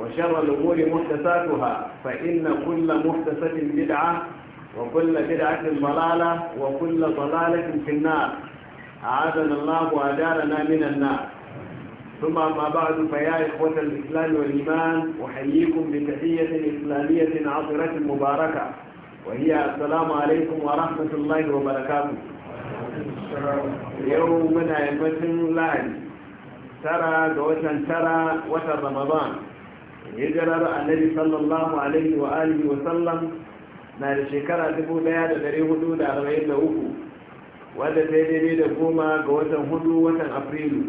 وشر الأمور محدثاتها فإن كل محدثة بدعة وكل بدعة ضلالة وكل ضلالة في النار أعاذنا الله وأجارنا من النار ثم ما بعد فيا إخوة الإسلام والإيمان أحييكم بتحية إسلامية عطرة مباركة وهي السلام عليكم ورحمة الله وبركاته يومنا يمتن لعن ترى دوتن ترى وتر رمضان hijirar annabi sallallahu alaihi wa alihi wa sallam na da shekara 1443 wadda ta yi daidai da goma ga watan hudu watan afrilu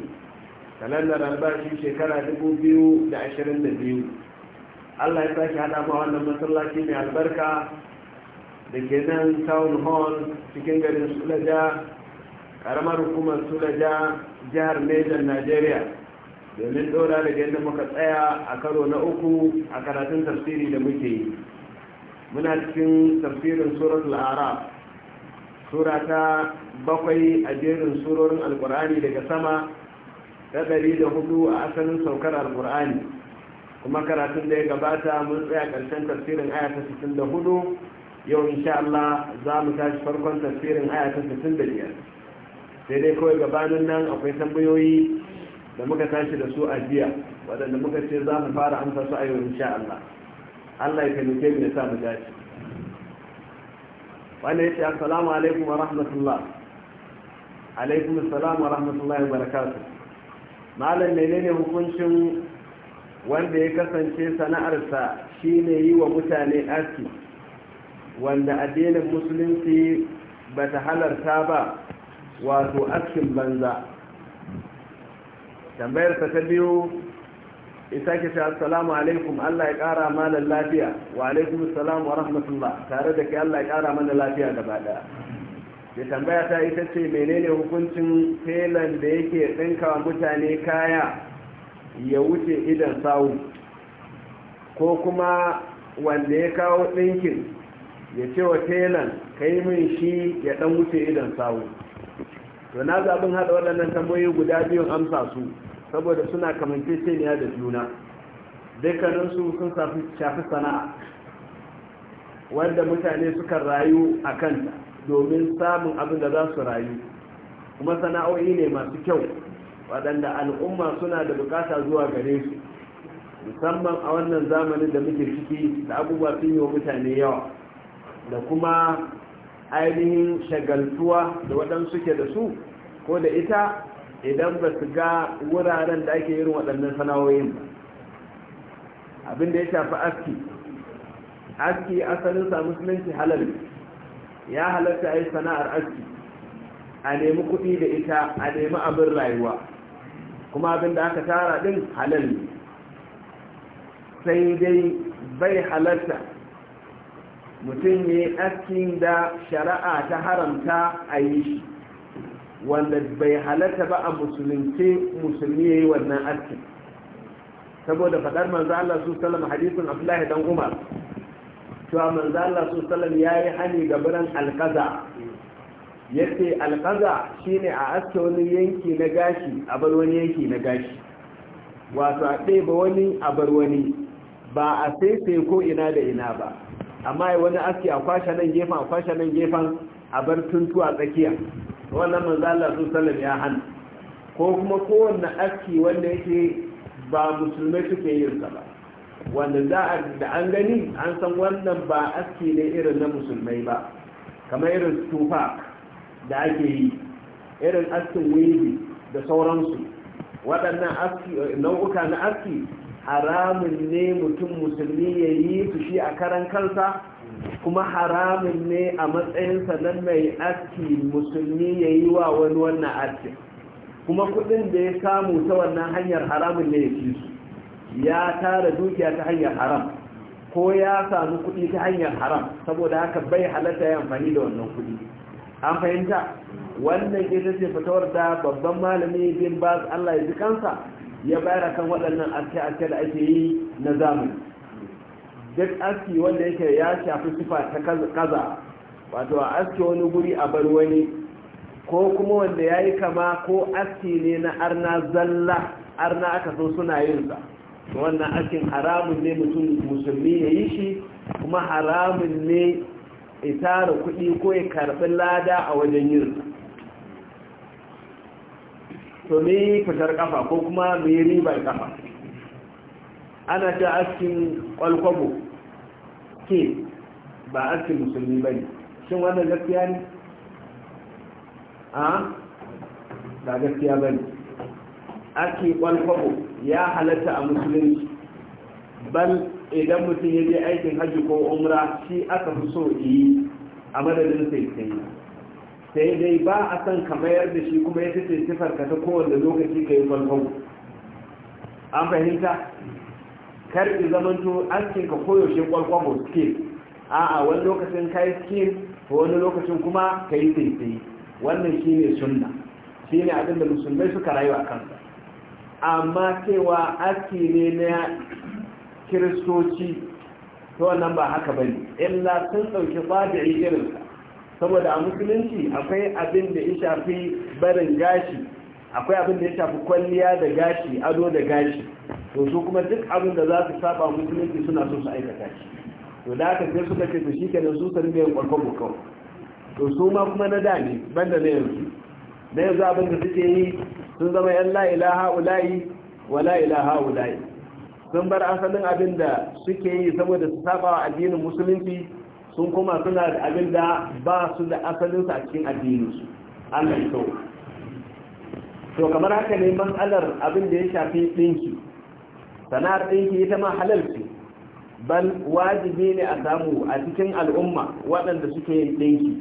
kalandar albashi shekara 2022 allah ya sake hada ma wannan masallaci mai albarka da ke nan town hall cikin garin sulaja karamar hukumar sulaja jihar Nejan najeriya domin dora da yadda muka tsaya a karo na uku a karatun tafsiri da muke yi muna cikin tafsirin surar araf sura ta bakwai a jerin surorin alkur'ani daga sama ta ɗari da hudu a asalin saukar alkur'ani kuma karatun da ya gabata mun tsaya ƙarshen tafsirin aya ta sittin da hudu yau insha Allah za mu tashi farkon tafsirin aya ta sittin da biyar sai dai kawai gabanin nan akwai tambayoyi da muka tashi da su a jiya waɗanda muka ce za mu fara amsa su a yau insha Allah Allah ya taimake mu ya sa mu dace wannan yace assalamu alaikum wa rahmatullah alaikum assalam wa rahmatullahi wa barakatuh malam menene hukuncin wanda ya kasance sana'arsa shine yi wa mutane aski wanda addinin musulunci ba ta halarta ba wato askin banza tambayar ta biyu isa ke cewa assalamu alaikum Allah ya kara mana lafiya wa alaikum salamu wa rahmatullah tare da ke Allah ya kara mana lafiya gaba daya da tambaya ta ita ce menene hukuncin telan da yake tsinka mutane kaya ya wuce idan sawu ko kuma wanda ya kawo tsinkin ya ce wa telan ka yi min shi ya ɗan wuce idan sawu to na zaɓin haɗa waɗannan tambayoyi guda biyun amsa su saboda suna kamanceceniya da juna dukkaninsu sun shafi sana'a wanda mutane suka rayu a kanta domin samun abin da za su rayu kuma sana'o'i ne masu kyau waɗanda al'umma suna da bukata zuwa gare su musamman a wannan zamanin da muke ciki da abubuwa sun yi wa mutane yawa da kuma ainihin shagaltuwa da waɗansu ke da su ko da ita idan ba su ga wuraren da ake yin waɗannan sana'o'in ba abin da ya shafi aski aski asalin sa musulunci halal ya halatta a yi sana'ar aski a nemi kuɗi da ita a nemi abin rayuwa kuma abin da aka tara ɗin halal ne sai dai bai halarta mutum ya yi askin da shari'a ta haramta a yi shi wanda bai halatta ba a musulunce musulmi ya yi wannan aski saboda faɗar manzo Allah su salam hadisin Abdullahi dan Umar cewa manzo Allah su salam ya yi hani ga biran alkaza yace alkaza shine a aske wani yanki na gashi a bar wani yanki na gashi wato a ɗeba wani a bar wani ba a sai ko ina da ina ba amma wani aski a kwashe nan gefen a kwashe nan gefen a bar tuntu a tsakiya wannan manzo Allah su sallam ya hana ko kuma kowanne aski wanda yake ba musulmai suke yin sa ba wanda za a da an gani an san wannan ba aski ne irin na musulmai ba kamar irin tufa da ake yi irin askin wili da sauransu waɗannan aski nau'uka na aski haramun ne mutum musulmi ya yi su shi a karan kansa kuma haramun ne a matsayinsa nan mai aski musulmi ya yi wa wani wannan aski kuma kudin da ya samu ta wannan hanyar haramun ne ya ci su ya tara dukiya ta hanyar haram ko ya samu kudi ta hanyar haram saboda haka bai halatta ya amfani da wannan kudi an fahimta wannan ita ce fitowar da babban malami bin basu allah ya ji kansa ya bayar kan waɗannan aske-aske da ake yi na zamani duk aski wanda yake ya shafi sifa ta kaza wato a aski wani guri a bar wani ko kuma wanda ya yi kama ko aski ne na arna zalla arna aka so suna yin sa wannan askin haramun ne mutum musulmi ya yi shi kuma haramun ne ya tara kuɗi ko ya karɓi lada a wajen yin sa to fitar kafa ko kuma mai ribar kafa ana ta askin kwalkwabo ke ba askin musulmi ba ne shin wannan gaskiya ne a ah, ba gaskiya ba ne ake kwalkwabo ya halatta a musulunci bal idan mutum ya je aikin hajji ko umra shi aka fi so yi a madadin sai sai sai dai ba a san ka mayar da shi kuma ya fi sifar ka ta kowanne lokaci ka yi kwalkwabo an fahimta kar in zamanto askin ka koyaushe kwalkwabo skill a'a wani lokacin ka yi skill wani lokacin kuma ka yi tsaye wannan shi ne sunna ne abin da musulmai suka rayu a kansa amma cewa aski ne na kiristoci to wannan ba haka bane illa sun ɗauki tsabi'i irinsa saboda a musulunci akwai abin da ya shafi barin gashi akwai abin da ya shafi kwalliya da gashi ado da gashi to su kuma duk abin da za su saba musulunci suna so su aikata shi to da aka sai suka ce to shi kenan su sani mai kwarkwabo kawai to su ma kuma na da ne banda na yanzu na yanzu abin da suke yi sun zama yan la ilaha ulayi wa la ilaha ulayi sun bar asalin abin da suke yi saboda su saba wa addinin musulunci sun koma suna da abin da ba su da asalinsu a cikin addininsu Allah ya to kamar haka ne matsalar abin da ya shafi ɗinki sana'ar ɗinki ita ma halal bal wajibi ne a samu a cikin al'umma waɗanda suke yin ɗinki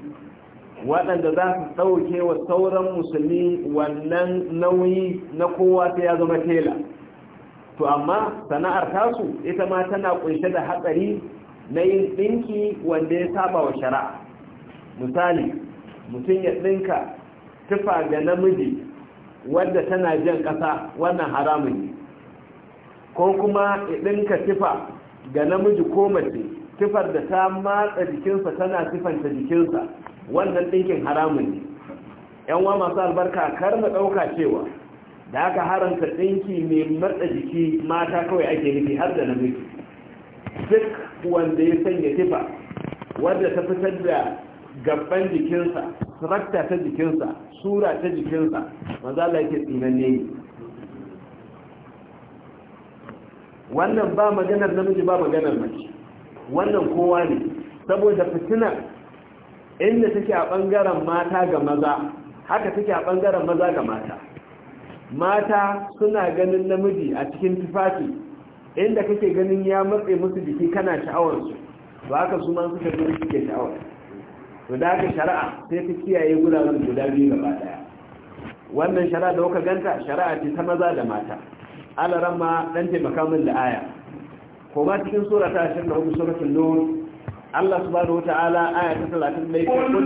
waɗanda za su ɗauke wa sauran musulmi wannan nauyi na kowa sai ya zama tela to amma sana'ar tasu ita ma tana ƙunshe da hatsari na yin ɗinki wanda ya saba wa shari'a misali mutum ya ɗinka tufa ga namiji Wanda tana jan ƙasa wannan haramun ne ko kuma ka tifa ga namiji ko mace tifar da ta matsa jikinsa tana tifanta jikinsa wannan ɗinkin haramun ne yan wa masu albarka kar na ɗauka cewa da aka haramta ɗinki mai matsa jiki mata kawai ake nufi har da namiji duk wanda ya sanya tifa wadda ta fitar da gaban jikinsa trakta ta jikinsa sura ta jikinsa maza Allah yake tsinanne ne wannan ba maganar namiji ba maganar mace wannan kowa ne saboda fitina inda take a bangaren mata ga maza haka take a bangaren maza ga mata mata suna ganin namiji a cikin tufafi inda kake ganin ya matse musu jiki kana sha'awarsu ba haka su ma suka zo suke sha'awar to da haka shari'a sai ka kiyaye guraren guda biyu gaba daya wannan shari'a da kuka ganta shari'a ce ta maza da mata alaran ma dan taimaka min da aya kuma cikin sura ta 24 suratul nur Allah subhanahu wata'ala aya ta 31 ke kullu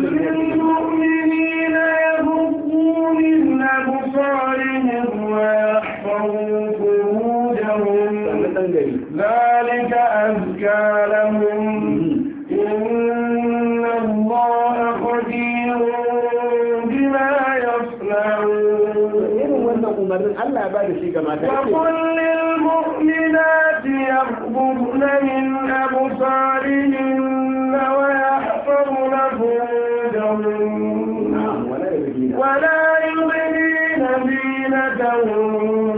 mu'minina yaghuddu min absarihim wa yahfazu furujahum ذلك أزكى لهم Allah ya ba da shi ga mata ya kullil mu'minati yaghdubna min absarihin wa yahfazna furujahun wa la yubdina zinatahun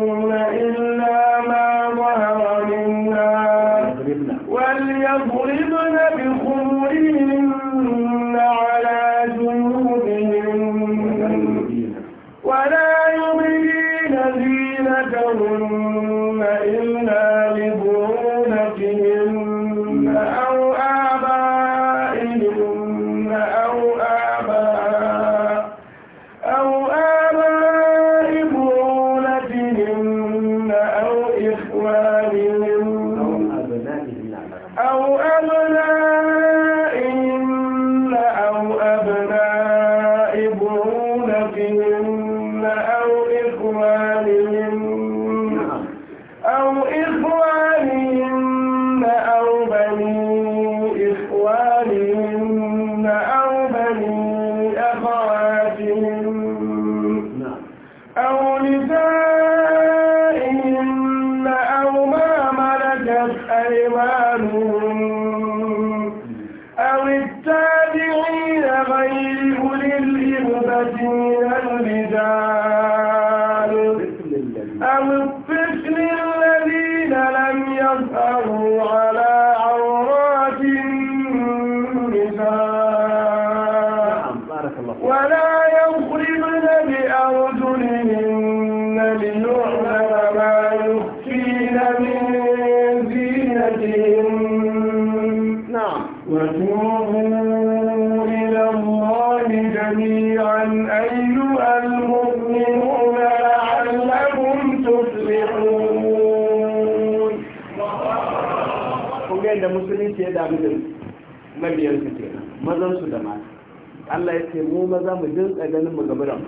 Allah ya ce mu maza mu dinka ganin mu gaba da mu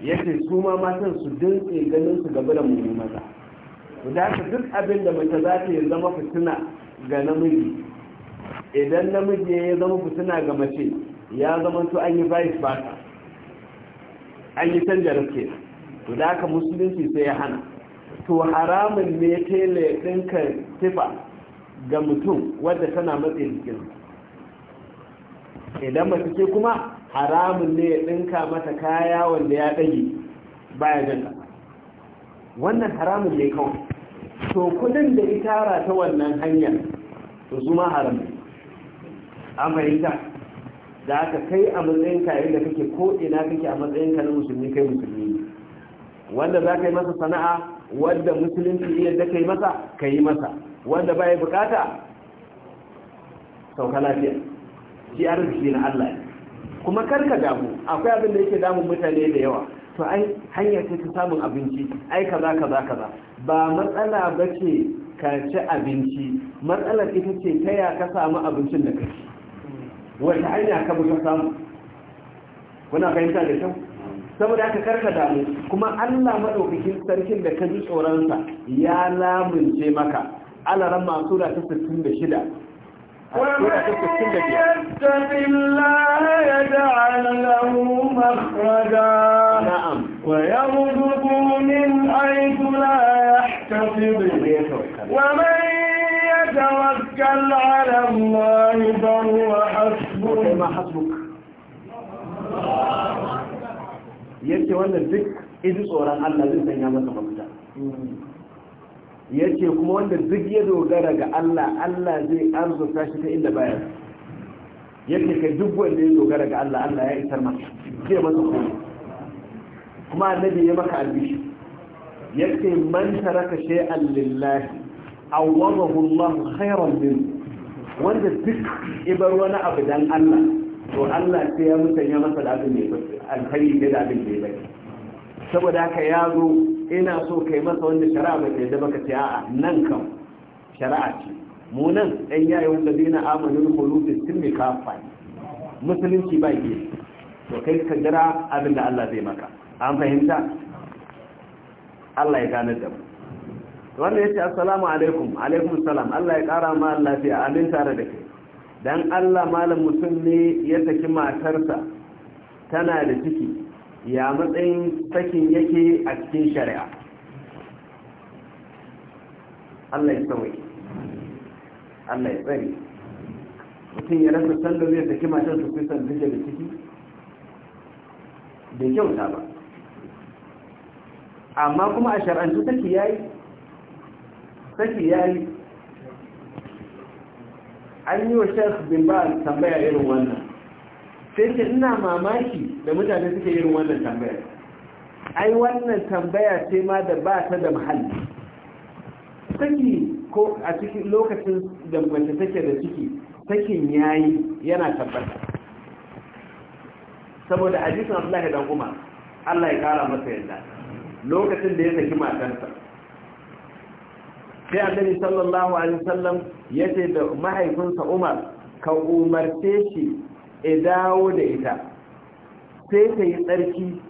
ya ce su ma matan su dinka ganin su gaba da mu maza da su duk abin da mace za ta yi zama fitina ga namiji idan namiji ya zama fitina ga mace ya zama to an yi vice versa an yi canja rake to da ka musulunci sai ya hana to haramun ne ya tele dinka tifa ga mutum wadda tana matsayin jikinsa idan mace ce kuma haramun ne ya ɗinka mata kaya wanda ya ɗage baya janta wannan haramun ne kawai to kudin da ita ta wannan hanyar to zuma haramun an ta. da aka kai a matsayinka da kake ko ina kake a matsayinka na musulmi kai musulmi wanda za ka yi masa sana'a wanda musulunci da ka yi masa ka yi masa wanda ba ya bukata sauka lafiya shi arziki na Allah ne kuma karka damu akwai abin da yake damun mutane da yawa to ai hanya ce ta samun abinci ai kaza kaza kaza ba matsala ba ce ka ci abinci matsalar ita ce ta ya ka samu abincin da kashi. wata hanya ka ka samu kuna fahimta da kyau saboda haka karka damu kuma Allah madaukakin sarkin da ka ji tsoronsa ya lamunce maka alaran masura ta 66 ومن يتق الله يجعل له مخرجا نعم ويرزقه من حيث لا يحتسب ومن يتوكل على الله فهو حسبه ما حسبك yake wannan duk idan tsoron Allah zai sanya yace kuma wanda duk ya dogara ga Allah Allah zai arzuta shi ta inda baya yake ka duk wanda ya dogara ga Allah Allah ya isar masa zai masa komai kuma annabi ya maka albishi yace man taraka shay'an lillahi awwadahu Allah khairan min wanda duk ibar wani abu dan Allah to Allah sai ya musanya masa da abin da ya alkhairi da abin da ya bai. saboda haka ya zo ina so kai masa wanda shari'a bai yadda baka ce a'a nan kam shari'a ce mu nan ɗan yayi wanda zai na amanin hulufi sun mai kafa musulunci ba ke to kai ka jira abin da Allah zai maka an fahimta Allah ya gane da mu wannan yace assalamu alaikum alaikum salam Allah ya kara ma lafiya abin tare da kai dan Allah malam mutum ne ya saki matarsa tana da ciki ya matsayin sakin yake a cikin shari'a Allah ya tsawai Allah ya tsari mutum ya rasa sallar zai saki matar su kusan duka da ciki da kyauta ba amma kuma a shar'antu saki yi saki yi. an yi wa shekh bin ba tambaya irin wannan sai ce ina mamaki da mutane suke yin wannan tambaya ai wannan tambaya ce ma da ba ta da muhalli saki ko a cikin lokacin da mace take da ciki sakin yayi yana tabbata saboda hadisin Allah da Umar Allah ya kara masa yadda lokacin da ya saki matarsa sai annabi sallallahu alaihi wasallam yace da mahaifinsa Umar ka umarce shi ya dawo da ita sai ta yi tsarki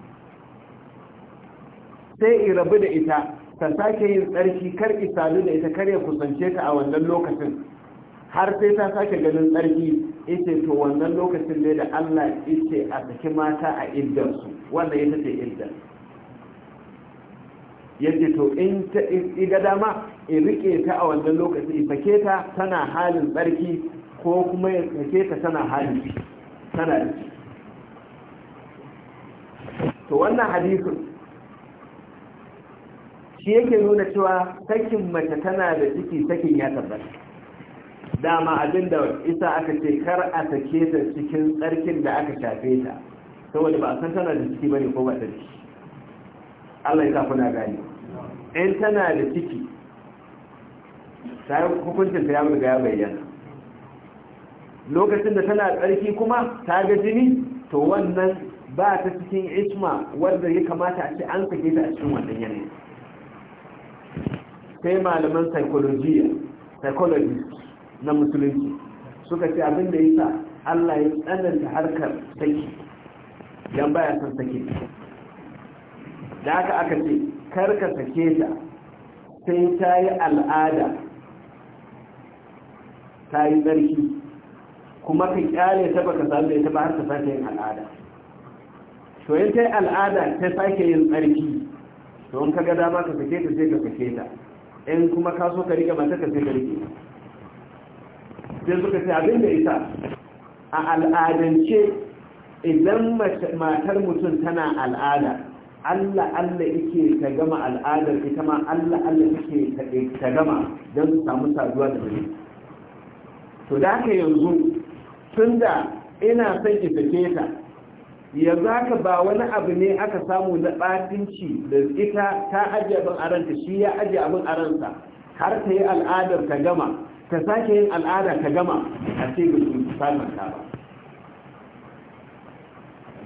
sai in rabu da ita ta sake yin tsarki kar isalu da ita kar ya kusance ta a wannan lokacin har sai ta sake ganin tsarki ita to wannan lokacin ne da Allah ita a saki mata a iddarsu wannan ita ce iddar yace to in ta iga dama in rike ta a wannan lokacin, in sake ta tana halin tsarki ko kuma ya sake ta tana halin tana da to wannan hadisin shi yake nuna cewa sakin mace tana da ciki sakin ya tabbata dama abin da isa aka ce kar a sake ta cikin tsarkin da aka shafe ta saboda ba a san tana da ciki bane ko ba ta ciki Allah ya sa kuna gani in tana da ciki sai hukuncin ta ya riga ya bayyana lokacin da tana tsarki kuma ta ga jini to wannan ba ta cikin isma wanda ya kamata a ce an sake ta a cikin wannan yanayi sai malaman psychology psychology na musulunci suka ce abin da yasa Allah ya tsananta harkar saki dan baya san sake da haka aka ce karka sake ta sai ta yi al'ada ta yi tsarki kuma ka kyale ta baka samu da ita ba har ta sake yin al'ada to in ta yi al'ada ta sake yin tsarki to in ka ga dama ka fake ta sai ka fake ta in kuma ka so ka rike mata ka sai ka rike sai suka ce abin da ita a al'adance idan matar mutum tana al'ada Allah Allah yake ta gama al'adar ita ma Allah Allah yake ta gama don su samu saduwa da mai to da haka yanzu tun da ina son ita ke ta yanzu haka ba wani abu ne aka samu na ɓatinci da ita ta ajiye abin aranta shi ya ajiye abin ransa, har ta yi al'adar ka gama ka sake yin al'ada ka gama a ce ba su samun ba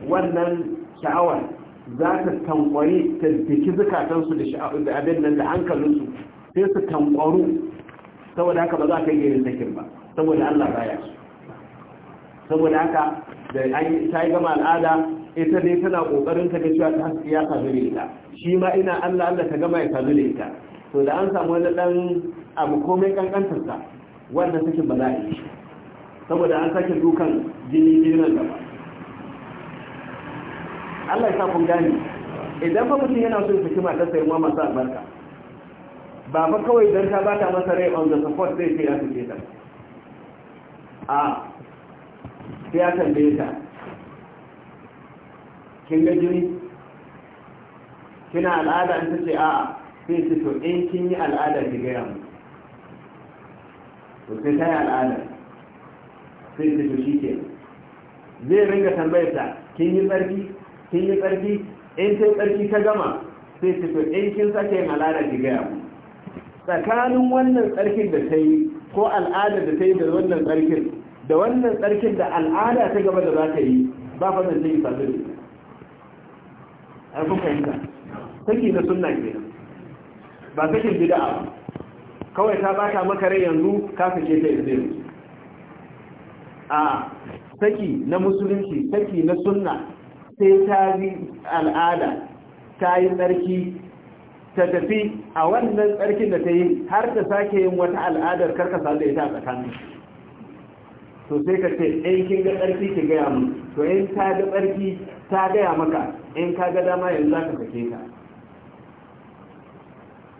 wannan sha'awar za ta tankwari ta diki zukatansu da abin nan da hankalinsu sai su tankwaru saboda haka ba za ka yi irin sakin ba saboda Allah baya su saboda haka da ta yi gama al'ada ita ne tana kokarin ta ga ta haske ya sadu da ita shi ma ina Allah Allah ta gama ya sadu da ita to da an samu wani dan abu komai kankantar sa wanda take ba za a yi saboda an sake dukan jini jinin gaba Allah ya sa kun gani idan ba mutum yana so ya saki matarsa ya mama masu albarka ba fa kawai dan ta bata masa rai on the support zai ce ya sake ta a sai ya tambaye ta kin ga jini kina al'ada an ta a a'a sai ce to in kin yi al'ada ki gaya mu to sai ta yi al'ada sai ce to shi ke zai ringa tambayar ta kin yi tsarki kin yi tsarki in sai tsarki ta gama sai ce to in kin sake yin al'ada ki gaya mu tsakanin wannan tsarkin da ta yi ko al'ada da ta yi da wannan tsarkin da wannan tsarkin da al'ada ta gaba da za ta yi ba fannin zai yi fasu da ita fahimta saki na sunna ke ba sakin bida'a ba kawai ta bata maka rai yanzu ka fice ta yanzu a saki na musulunci saki na sunna sai ta yi al'ada ta yi tsarki ta tafi a wannan tsarkin da ta yi har ta sake yin wata al'adar karkasa da ita a tsakanin to sai ka ce in eh, kin ga tsarki ki gaya mu to in ta ga tsarki ta gaya maka in ka ga dama yanzu za ka sake ta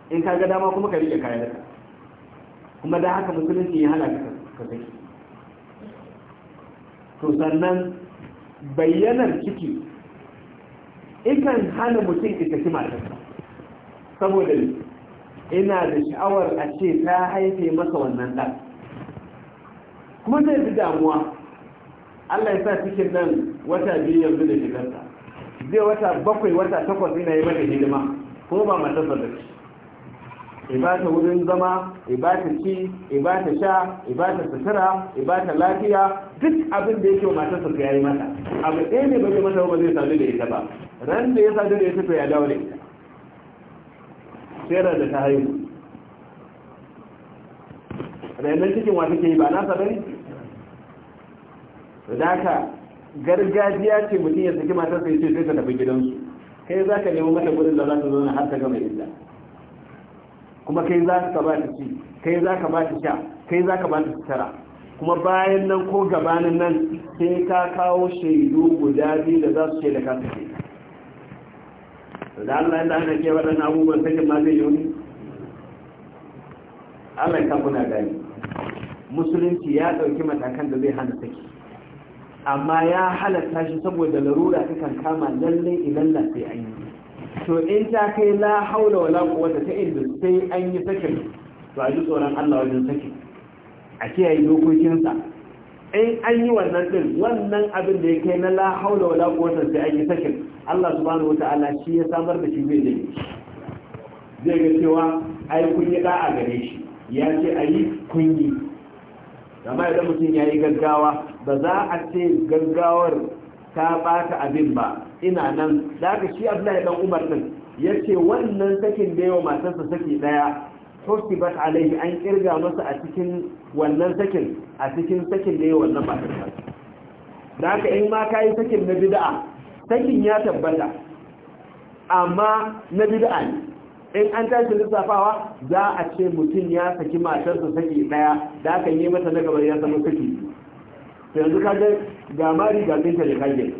in ka ga dama kuma ka rike kayan ka kuma da haka musulunci ya hana ka sake to sannan bayyanar ciki ikan hana mutum ita ki matarsa saboda ina da sha'awar a ce ta haife masa wannan ɗan kuma zai fi damuwa Allah ya sa cikin nan wata biyu yanzu da shigarsa zai wata bakwai wata takwas ina yi mata hidima ko ba mata shi. ibata wurin zama ibata ci ibata sha ibata sutura ibata lafiya duk abin da yake mata sa ya yi mata abu ɗaya ne bai mata ba zai sadu da ita ba ran da ya sadu da ita to ya dawo da ita sai da ta haihu rainon cikin wata ke yi ba nasa bane da haka gargajiya ce mutum ya saki matarsa ya ce sai ta tafi gidansu kai za ka nemo mata gudun da za ta zauna har ta gama illa kuma kai za ka ba ta ci kai za ka ba ta sha kai za ka ba ta sutura kuma bayan nan ko gabanin nan sai ka kawo shaidu guda biyu da za su ce da ka su suke da Allah yadda ana ke waɗannan abubuwan sakin ma zai yi wani Allah ya na gani musulunci ya ɗauki matakan da zai hana saki amma ya halatta shi saboda larura ta kan kama lallai idan na sai an yi to in ta kai la haula wala quwwata ta inda sai an yi sakin to a ji tsoron Allah wajen sakin a kiyaye dokokinsa in an yi wannan din wannan abin da ya kai na la haula wala quwwata sai an yi sakin Allah subhanahu wataala shi ya samar da shi zai ne zai ga cewa ai kun yi da'a gare shi ya ce ayi kun yi amma idan mutum ya yi gaggawa ba za a ce gaggawar ta bata abin ba ina nan da aka shi abdullahi dan umar din ya ce wannan sakin da yawa matarsa saki daya ta alaihi an kirga masa a cikin wannan sakin a cikin sakin da yawa wannan matarsa da aka in ma ka yi sakin na bid'a sakin ya tabbata amma na bid'a ne in an tashi lissafawa za a ce mutum ya saki matarsa saki daya da aka yi mata na gabar ya zama saki yanzu ka ga ga mari ga tinta da kage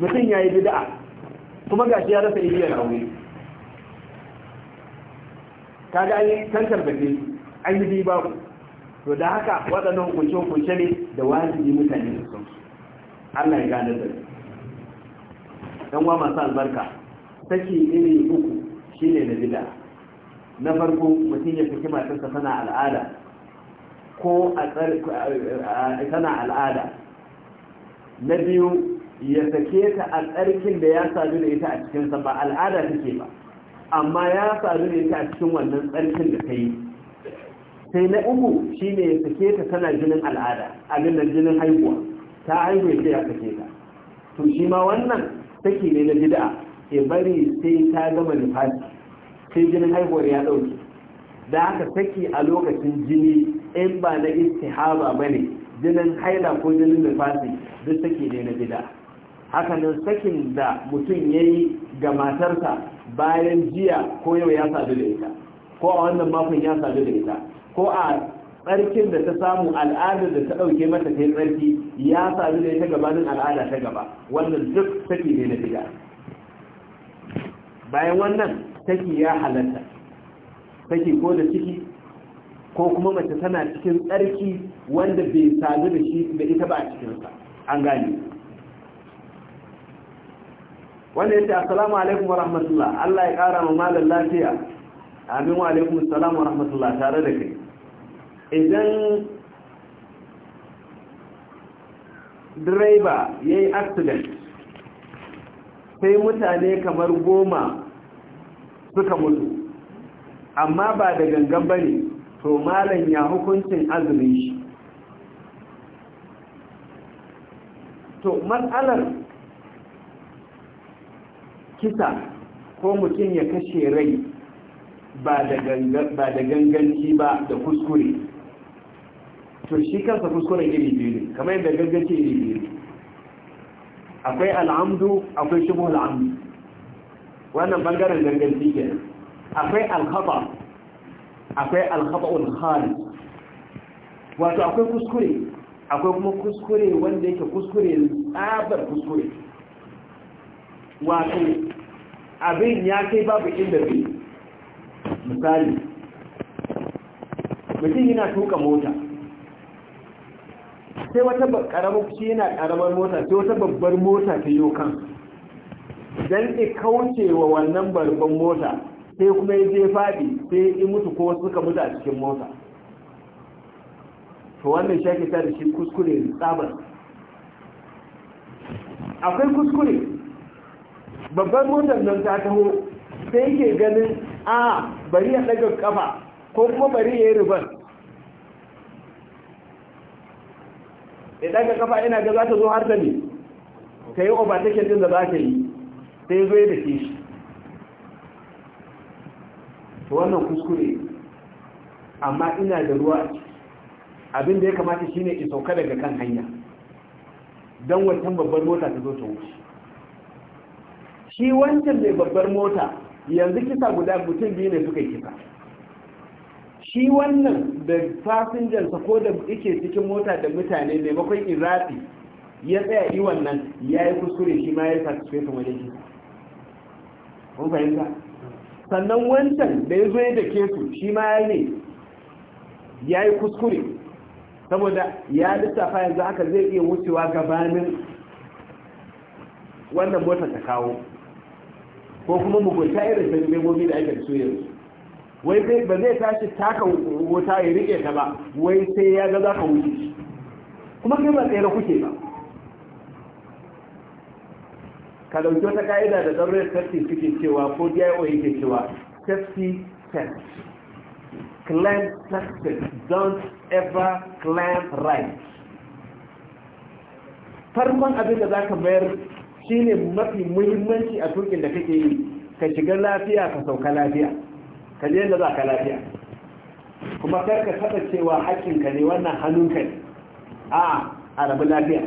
mutum ya yi bid'a kuma gashi ya rasa iliyar aure ka ga an yi tantar ke an yi biyu babu to da haka waɗannan kunce-kunce ne da wajibi mutane da sun Allah ya gane da ɗan wa masu albarka saki iri uku shi ne na bida na farko mutum ya fi matarsa sana al'ada ko a tana al'ada na biyu ya sake ta a tsarkin da ya sadu da ita a cikinsa ba al'ada take ba amma ya sadu da ita a cikin wannan tsarkin da ta yi sai na uku shi ne ya sake ta tana jinin al'ada abin da jinin haihuwa ta haihu ya ya sake ta to shi ma wannan take ne na bid'a ke bari sai ta gama nufasi sai jinin haihuwar ya ɗauke da haka saki a lokacin jini in ba na istihaba ba ne jinin haila ko jinin nufasi duk saki ne na gida hakanan sakin da mutum ya yi ga matarsa bayan jiya ko yau ya sadu da ita ko a wannan makon ya sadu da ita ko a tsarkin da ta samu al'adar da ta ɗauke mata ta yi tsarki ya sadu da ita gabanin al'ada ta gaba wannan duk saki ne na gida. bayan wannan saki ya halatta saki ko da ciki ko kuma mace tana cikin tsarki wanda bai sadu da shi da ita ba a cikinsa an gane wanda yace assalamu alaikum wa rahmatullah Allah ya kara mu malam lafiya amin wa alaikum assalamu wa rahmatullah tare da kai idan direba yayi accident sai mutane kamar goma suka mutu amma ba da gangan bane to malam ya hukuncin azumin shi to matsalar kisa ko mutum ya kashe rai ba da ganganci ba da kuskure to shi kansa kuskure iri biyu ne kamar yadda ganganci iri biyu ne akwai al'amdu akwai shubu al'amdu wannan bangaren ganganci ke akwai alkhaba akwai alkhaba'ul khali wato akwai kuskure akwai kuma kuskure wanda yake kuskure tsabar kuskure wato abin ya kai babu inda bai misali mutum yana tuka mota sai wata karamar mota sai wata babbar mota ta yi kansu don ke kauce wa wannan barban mota sai kuma ya je faɗi sai in mutu ko suka mutu a cikin mota to wannan shaƙi ta da shi kuskure tsabar akwai kuskure babban motar nan ta taho sai ke ganin a bari ya ɗaga kafa ko kuma bari ya yi rubar ya ɗaga kafa ina ga za ta zo har da ne ka yi obatakin din da za ka yi sai zo ya ke shi to wannan kuskure amma ina da ruwa abin da ya kamata shine ne sauka daga kan hanya don wancan babbar mota ta zo ta wuce shi wancan mai babbar mota yanzu kisa guda mutum biyu ne suka kisa shi wannan da fasinjan ko da yake cikin mota da mutane maimakon irafi ya tsaya yi wannan ya yi kuskure shi ma ya yi satisfaction wajen kisa kun fahimta sannan wancan da ya zo ya dake su shi ma ya ne ya yi kuskure saboda ya lissafa yanzu haka zai iya wucewa gabanin wannan motar ta kawo ko kuma mugunta irin da memomi da ake da su yanzu wai sai ba zai tashi taka wuta ya rike ta ba wai sai ya ga za ka wuce kuma kai ba tsere kuke ba ka dauki wata ka'ida da zarrayar safety suke cewa ko diyo yake cewa safety first claim success don't ever claim right farkon abin da za ka bayar ne mafi muhimmanci a turkin da kake yi ka shiga lafiya ka sauka lafiya ka je yadda za ka lafiya kuma kar ka taɓa cewa haƙƙinka ne wannan hannunka ne a a rabu lafiya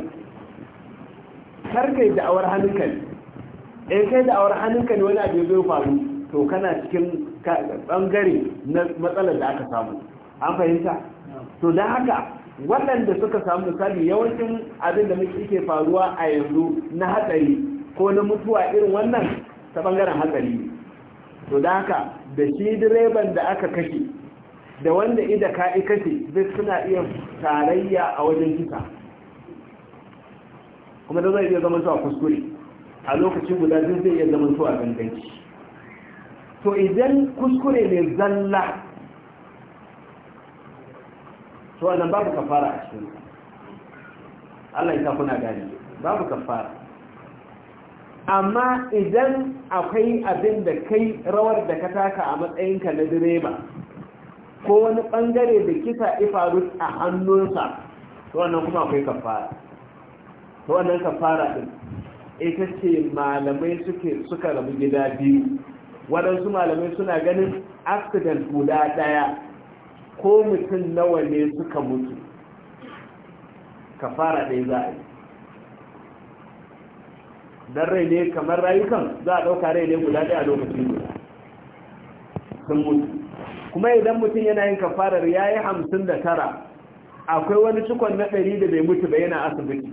kar ka yi da'awar hannunka ne in eh, kai da awar hannunka ne wani abu zai faru to kana cikin bangare na matsalar da aka samu an fahimta to da haka waɗanda suka samu misali yawancin abin da muke ke faruwa a yanzu na hatsari ko na mutuwa irin wannan ta bangaren hatsari to da haka da shi direban da aka kashe da wanda ida ka kashe duk suna iya tarayya a wajen kisa kuma da zai iya zama zuwa kuskure a lokaci guda duk zai iya zama to a ganganci to idan kuskure ne zalla to wannan babu kafara a cikin Allah ya kuna gani babu kafara amma idan akwai abin da kai rawar da ka taka a matsayinka na direba ko wani bangare da kisa ifarus a hannunsa to wannan kuma akwai kafara to wannan kafara din ita ce malamai suke suka rabu gida biyu waɗansu malamai suna ganin accident guda ɗaya ko mutum nawa ne suka mutu kafara ɗaya za a yi don rai ne kamar rayukan za a ɗauka rai ne guda ɗaya lokacin guda sun mutu kuma idan mutum yana yin kafarar ya yi hamsin da tara akwai wani cikon na ɗari da bai mutu ba yana asibiti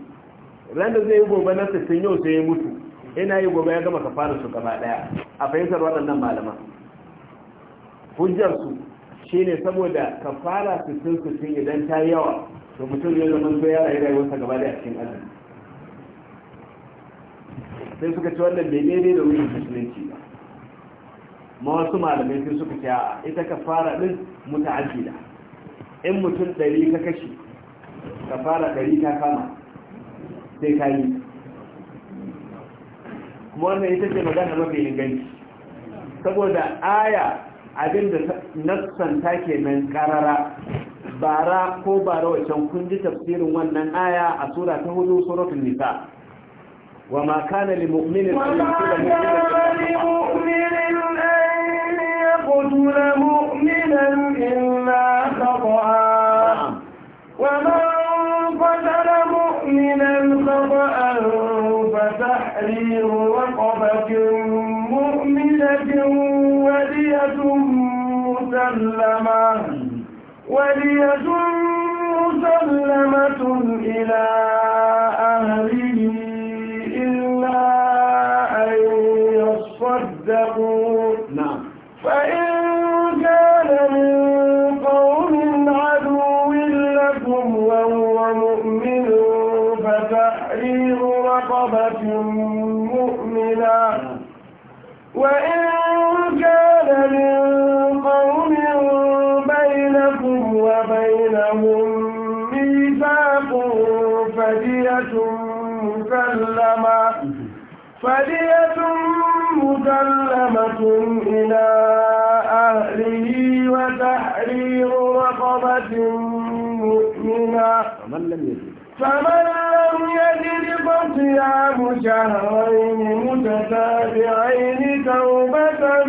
Randa zai yi gobe na sittin yau sai ya mutu ina yi gobe ya gama fara su gaba daya a fahimtar waɗannan malama hujjar su ne saboda ka sun sittin sittin idan ta yawa to mutum ya zama so ya rayu rayuwarsa gaba daya cikin azumi sai suka ci wannan bai daidai da wurin musulunci ba ma wasu malamai sai suka ce a ita fara din muta'addida in mutum ɗari ka kashe fara ɗari ta kama sai ka yi kuma wannan ita ce magana mafi inganci saboda aya abin da take nan karara bara ko bara wacan kun ji tafsirin wannan aya a sura ta hudu surafin nisa wa وما كان لمؤمن أن يقتل مؤمنا إلا خطأ وما مؤمنة ودية مسلمة ودية مسلمة إلى أهله إلا أن يصدقوا نعم فإن كان من وإن كان من قوم بينكم وبينهم ميثاق فدية مكلمة فدية مسلمة إلى أهله وتحرير رقبة مؤمنا فمن لم يجد فمن لم يجد فصيام شهرين متتابعين توبة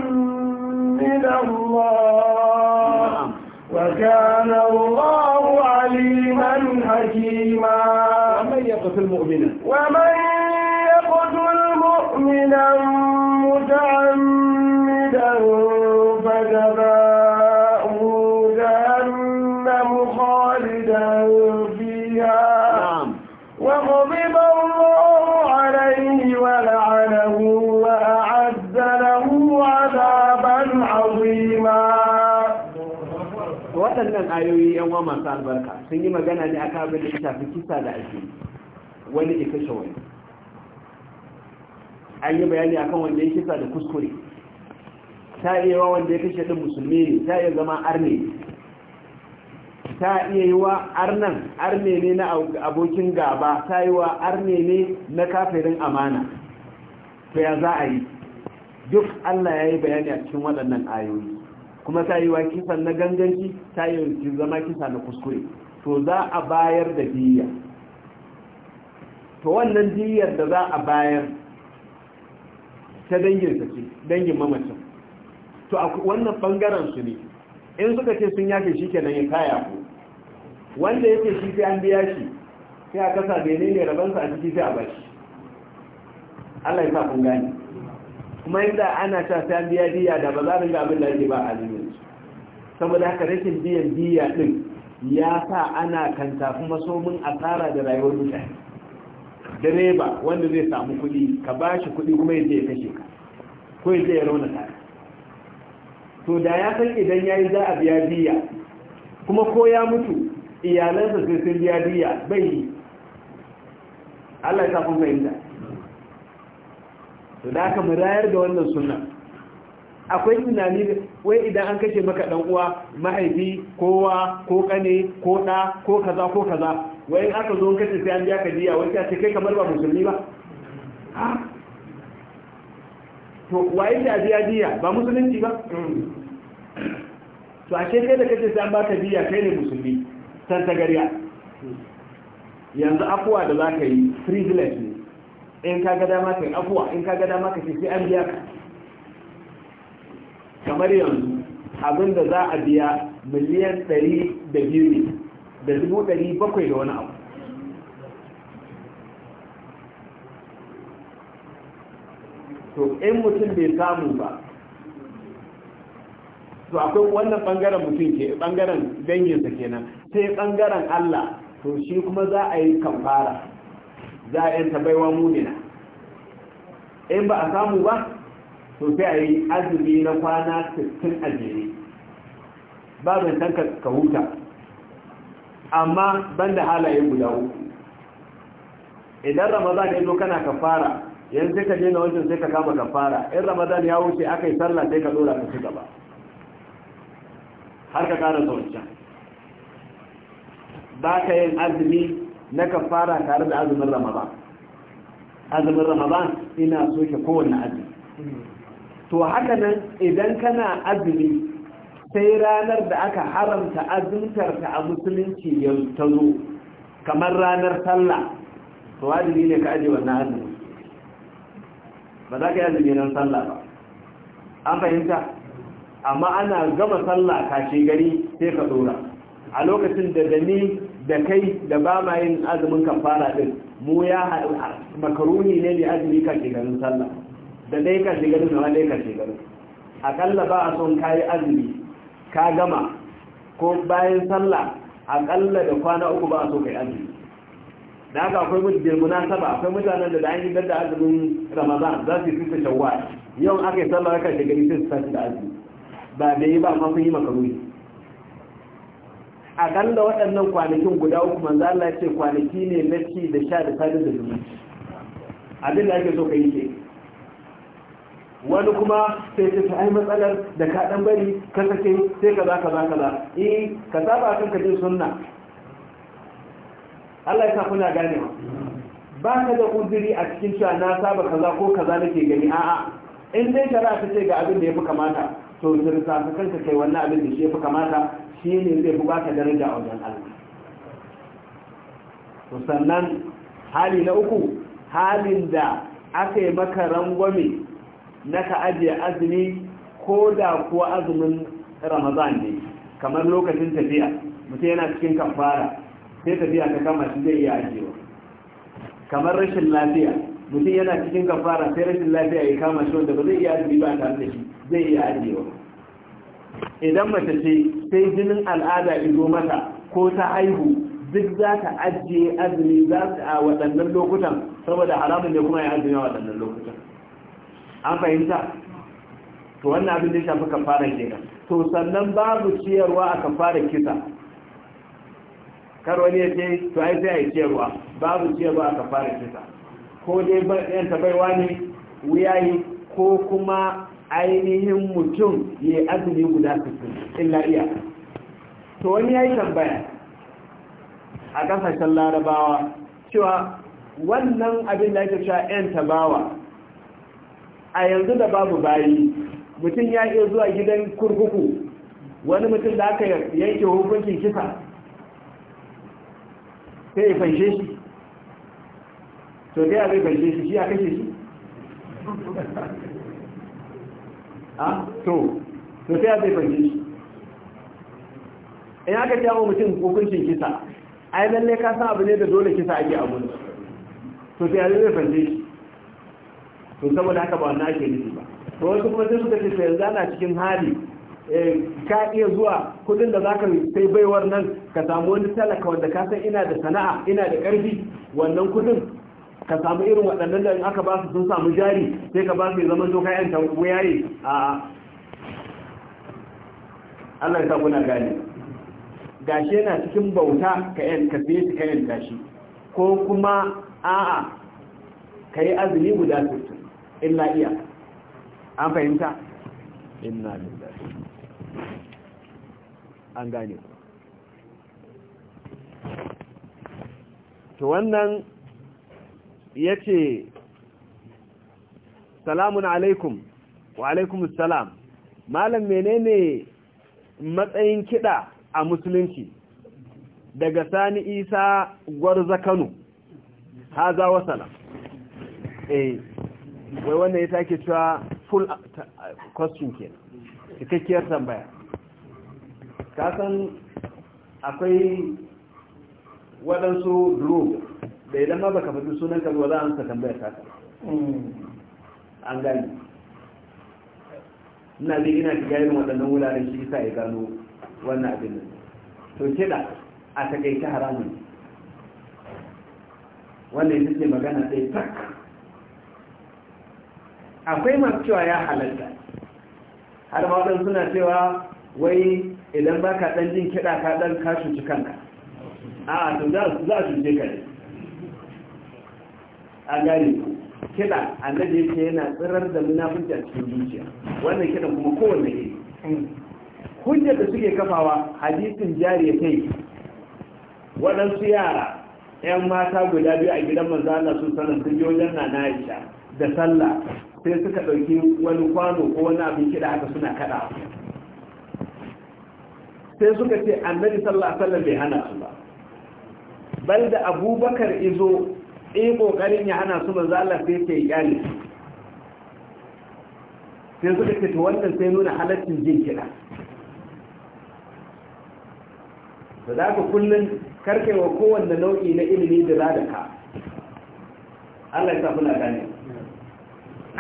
من الله نعم. وكان الله عليما حكيما ومن يقتل مؤمنا ومن يقتل مؤمنا متعمدا فجبان waɗannan ayoyi yan wa masu albarka sun yi magana ne a abin da ya shafi kisa da ake wani ya kashe wani an yi bayani akan wanda ya kisa da kuskure ta iya wa wanda ya kashe ɗin musulmi ne ta iya zama arne ta iya yi wa arnan arne ne na abokin gaba ta yi wa arne ne na kafirin amana to ya za a yi duk allah ya yi bayani a cikin waɗannan ayoyi kuma ta yi wa kisan na ganganci ta yi zama kisa na kuskure to za a bayar da diya to wannan diyar da za a bayar ta dangin ce dangin mamacin to wannan bangaren su ne in suka ce sun yafe shi kenan ya kaya ku wanda yake shi sai an biya shi sai a kasa bene ne rabansa a ciki sai a bashi Allah ya sa kun gani kuma inda ana sa ta biya biya da ba za mu ga abin da yake ba a saboda haka rashin biyan biya din ya sa ana kan tafi masomin asara da rayuwar mutane direba wanda zai samu kuɗi ka ba shi kuɗi kuma ya je ya kashe ka ko ya ya rauna ka to da ya san idan ya yi za a biya biya kuma ko ya mutu iyalansa sai sun biya biya bai yi Allah ya sa kun fahimta to da aka murayar da wannan sunna akwai tunani wai idan an kashe maka dan uwa mahaifi kowa ko kane ko da ko kaza ko kaza wai in aka zo kace sai an ji ka jiya, wai sai kai kamar ba musulmi ba to waye da biya jiya ba musulunci ba to ashe kai da kace sai an baka jiya kai ne musulmi san ta gariya yanzu afuwa da zaka yi privilege ne in ka ga dama kai afuwa in ka ga dama ka fi an biya ka kamar yanzu abin da za a biya miliyan 200 ne da 700 da wani abu to in mutum bai samu ba to akwai wannan bangaren mutum ke bangaren danginsa kenan sai bangaren Allah to shi kuma za a yi kamfara za a yanta baiwa mumina in ba a samu ba to sai a azumi na kwana 60 a jere ba zan san ka huta amma banda halaye guda uku idan ramadan ya zo kana kafara yanzu sai ka je na wajen sai ka kama kafara in ramadan ya wuce aka yi sallah sai ka dora ka gaba har ka kara zuwa ba ka yin azumi na fara tare da azumin ramadan azumin ramadan ina soke kowanne azumi to haka nan idan kana azumi sai ranar da aka haramta ta a musulunci ya tazo kamar ranar sallah to wajibi ne ka aje wannan azumi ba za ka yi azumi nan sallah ba an fahimta amma ana gama sallah kashe gari sai ka dora a lokacin da dani da kai da ba ma yin azumin kafara din mu ya makaruni ne mai azumi kan shigarin sallah da dai kan shigarin da dai kan shigarin akalla ba a son kayi azumi ka gama ko bayan sallah akalla da kwana uku ba a so kai azumi da haka akwai mutum munasaba akwai mutanen da da an yi da azumin ramadan za su yi fita shawwal yau aka yi sallah kan shigarin sun sa da azumi ba da yi ba ma sun yi makaruni akalla waɗannan kwanakin guda uku manzo Allah ce kwanaki ne na ci da sha da sadu da zuwa abin da ake so ka yi ke wani kuma sai ta ai matsalar da ka dan bari ka sake sai kaza kaza kaza eh ka saba kan ka jin sunna Allah ya sa kuna gane ba ka da uzuri a cikin cewa na saba kaza ko kaza nake gani a'a in dai shari'a ta ce ga abin da yafi kamata to zirta ka kanka kai wannan abin da shi yafi kamata shi ne zai bukata daraja a wajen Allah to sannan hali na uku halin da aka yi maka rangwame na ka ajiye azumi ko da kuwa azumin ramadan ne kamar lokacin tafiya mutum yana cikin kafara sai tafiya ta kama shi zai iya ajiyewa kamar rashin lafiya mutum yana cikin kafara sai rashin lafiya ya kama shi wanda ba zai iya azumi ba tare da shi zai iya ajiyewa idan mace ce sai jinin al'ada izo mata ko ta haihu duk za ta ajiye azumi za a waɗannan lokutan saboda haramun ne kuma ya azumi a waɗannan lokutan an fahimta to wannan abin da ya shafi kafara kenan to sannan babu ciyarwa a kafara kisa kar wani ya ce to ai sai a yi ciyarwa babu ciyarwa a kafara kisa ko dai yan tabaiwa ne wuyayi ko kuma ainihin mutum ya yi azumi guda sittin illa iya to wani ya yi tambaya a ƙasashen larabawa cewa wannan abin da ake cewa 'yan tabawa a yanzu da babu bayi mutum ya iya zuwa gidan kurkuku wani mutum da aka yanke hukuncin kisa sai ya fanshe shi to dai a zai fanshe shi shi ya kashe shi a to to sai ya zai fanke shi in aka ce mutum hukuncin kisa ai lalle ka san abu ne da dole kisa ake abu to sai ya zai fanke shi to saboda haka ba wannan ake nufi ba to wasu kuma sai suka ce yanzu ana cikin hali eh, ka iya zuwa kudin da zaka kai baiwar nan ka samu wani talaka wanda ka san ina da sana'a ina da karfi wannan kudin ka samu irin waɗannan da in aka ba su sun samu jari sai ka ba su zama doka kayan ta wuyaye a Allah ya sa kuna gane gashi yana cikin bauta ka yan ka sai shi kayan gashi ko kuma a'a ka yi azumi guda 60 illa iya an fahimta inna lillahi an gane to wannan ya ce salamun alaikum wa alaikum salam malam menene matsayin kiɗa a musulunci daga sani isa gwarza kano haza wa salam eh wai wannan ya sake cewa full question ke cikakkiyar tambaya kasan akwai waɗansu drogue da idan ma baka faɗi sunan ka ba za a amsa tambayar ta an gani ina zai ina shiga irin waɗannan wuraren shi isa ya gano wannan abin nan to kiɗa a ta haramun wannan ita ce magana ɗaya tak akwai masu cewa ya halatta har ma waɗansu suna cewa wai idan baka ɗan jin kiɗa ka ɗan ka kanka A'a to za a je ka ne a gane ku kiɗa annabi yake yana tsirar da munafunci a cikin zuciya wannan kiɗan kuma kowanne ke hujjar da suke kafawa hadisin jariya kai waɗansu yara 'yan mata guda biyu a gidan manzo Allah sun sanar sun wajen na Aisha da sallah sai suka ɗauki wani kwano ko wani abin kiɗa haka suna kaɗa sai suka ce annabi sallah sallah bai hana su ba bal da abubakar izo yi kokarin ya hana su manzo Allah sai ya kyale sai suka ce wannan sai nuna halaccin jin kiɗa da za ka kullum karkewa kowanne nau'i na ilimi da za da ka Allah ya sa kuna gane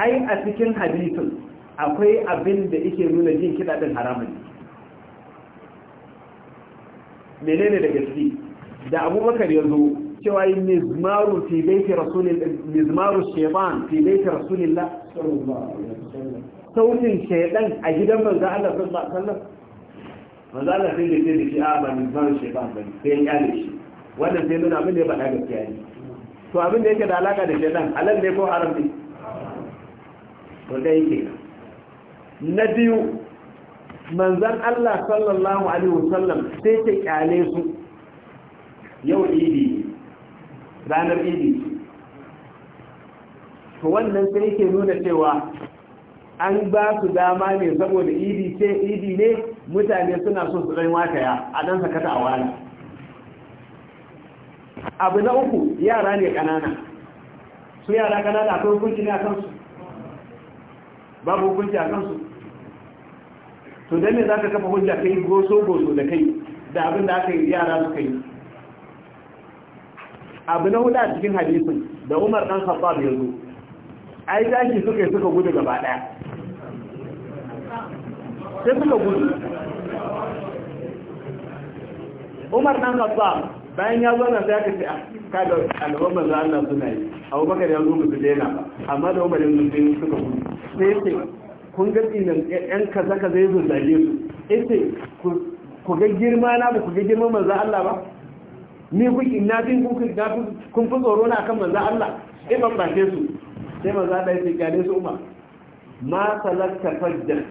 ai a cikin hadisin akwai abin da yake nuna jin kiɗa ɗin haramun menene da gaske da abubakar ya zo cewa yi mizmaru fi baiti rasulillah mizmaru shaytan fi baiti la saurin shaytan a gidan manzan Allah sun ba sallar manzan Allah sai da shi a ah, ba mizmaru shaytan ba sai ya ne shi wannan sai nuna abin da ya faɗa gaskiya ne to abin da yake da alaka da shaytan alal ne ko haram ne to dai yake na biyu manzan Allah sallallahu alaihi wasallam sai ta kyale su yau idi ranar idi to wannan sai yake nuna cewa an ba su dama ne saboda idi ce idi ne mutane suna so su ɗan wataya a ɗan sakata a wani abu na uku yara ne ƙanana su yara ƙanana akwai hukunci ne a kansu babu hukunci a kansu to don ne za ka kafa hujja kai goso-goso da kai da abin da aka yi yara suka yi abu na hudu a cikin hadisun da umar ɗan khattab ya zo ai tashi suka yi suka gudu gaba ɗaya sai suka gudu umar ɗan khattab bayan ya zo na sai aka ce a ah, kada alwan manzo Allah suna yi da ya zo musu daina ba amma da umar yanzu sai suka gudu sai ce kun ga tsinan yan kaza kaza ya zo zage su ku ga girma na ba ku ga girma manzo Allah ba ni ku na ku kun fi tsoro na kan manzo Allah in ban bace su sai manzo Allah ya gane su umma ma salaka fajjan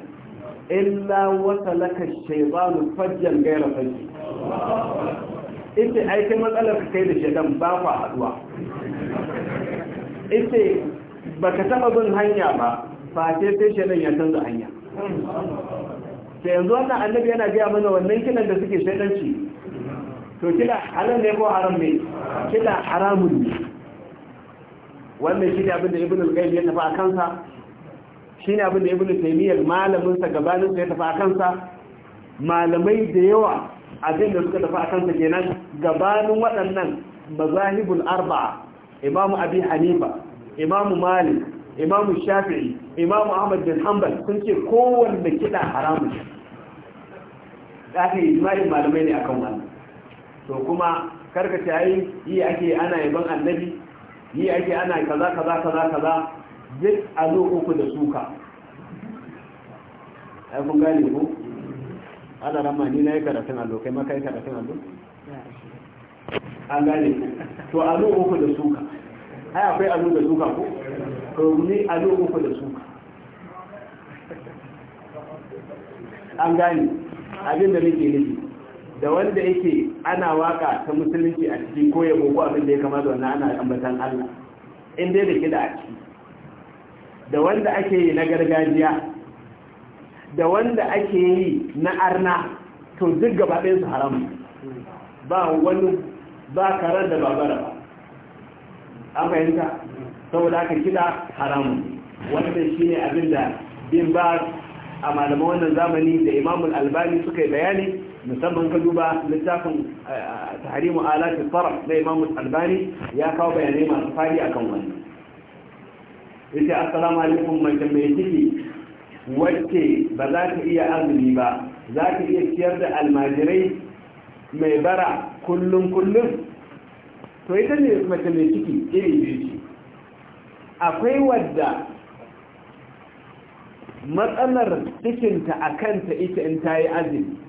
illa wa salaka shaytanu fajjan gaira fajji ita ai kai matsalar kai da shaytan ba kwa haduwa ita baka taba bin hanya ba fa sai sai shaytan ya canza hanya sai yanzu wannan annabi yana ga mana wannan kinan da suke shaytanci to kiɗa halal ne ko haram ne kiɗa haramun ne wannan shi ne abin da ibn al-qayyim ya tafi a kansa shi ne abin da ibn taymiyyah malamin sa gabanin sa ya tafi a kansa malamai da yawa abin da suka tafi a kansa kenan gabanin waɗannan mazahibul arba'a imam abi hanifa imam malik imam shafi'i imam ahmad bin hanbal sun ce kowanne kiɗa haramun da aka yi ijma'i malamai ne akan wannan to kuma karka ta yi ake ana yaban annabi yi ake ana kaza kaza kaza kaza duk a zo uku da suka ai kun gane ko ana rama ni na yi karatun allo kai ma yi karatun allo an gane to zo uku da suka ai akwai allo da suka ko to ni zo uku da suka an gane abin da nake nufi da wanda yake ana waka ta musulunci a ciki ko yabo ko abin da ya kamata wannan ana ambatan Allah in dai da kida a ciki da wanda ake yi na gargajiya da wanda ake yi na arna to duk gaba ɗayan su haramu ba wani ba karar da babara ba an saboda aka kiɗa, haramu wannan shine abin da bin ba a malaman wannan zamani da imamul albani suka yi bayani musamman ka duba littafin eh, tahrimu alati sarf na imam albani ya kawo bayanai masu fari akan wannan yace assalamu alaikum mai ciki wacce ba za ta iya azumi ba za ta iya ciyar da almajirai mai bara kullum kullum to ita ne mace mai ciki iri biyu akwai wadda matsalar cikinta a kanta ita in ta yi azumi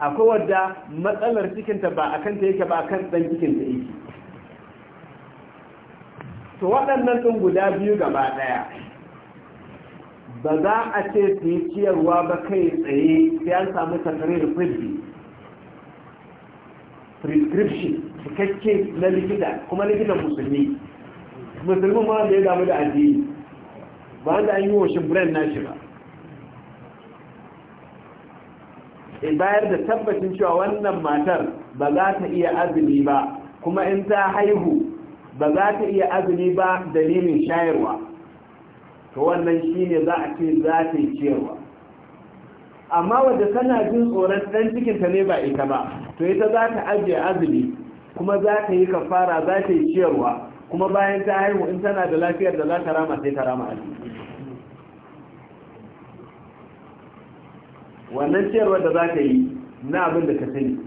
akwai wadda matsalar cikinta ba a kanta yake ba a kan ɗan cikinta yake to waɗannan ɗin guda biyu gaba ɗaya ba za a ce su yi ciyarwa ba kai tsaye sai an samu takarar fulbi prescription cikakke na likita kuma likitan musulmi musulmi ma wanda ya damu da addini ba wanda an yi wa shi brand nashi ba in bayar da tabbacin cewa wannan matar ba za ta iya azumi ba kuma in ta haihu ba za ta iya azumi ba dalilin shayarwa to wannan shine za a ce za ta yi ciyarwa amma wadda tana jin tsoron dan cikinta ne ba ita ba to ita za ta ajiye azumi kuma za ta yi kafara za ta yi ciyarwa kuma bayan ta haihu in tana da lafiyar da za ta rama sai ta rama azumi wannan ciyarwar da za ka yi na abin da ka sani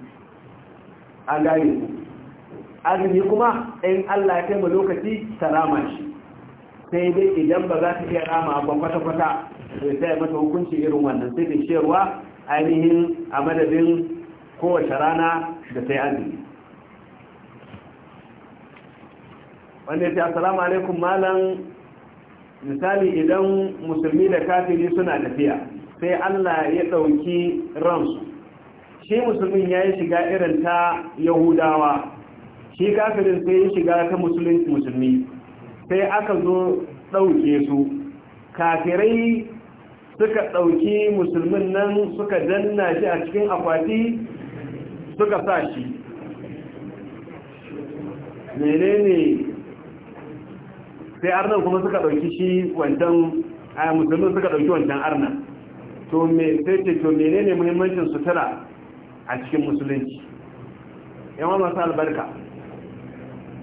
a gari ku azumi kuma in Allah ya taimaka lokaci ta rama shi sai dai idan ba za ta iya rama ba kwata-kwata sai sai mata hukunci irin wannan sai ta ciyarwa ainihin a madadin kowace rana da sai azumi wanda ya ce assalamu alaikum malam misali idan musulmi da kafiri suna tafiya sai Allah ya ɗauki ransu shi musulmin ya yi shiga irin ta yahudawa shi kafirin sai ya shiga ta musulmi sai aka zo ɗauke su kafirai suka ɗauki musulmin nan suka danna shi a cikin akwati suka sa shi ne sai arnan kuma suka ɗauki shi wancan a musulmin suka ɗauki wancan arnan to me sai ce to ne muhimmancin sutura a cikin musulunci wani masu albarka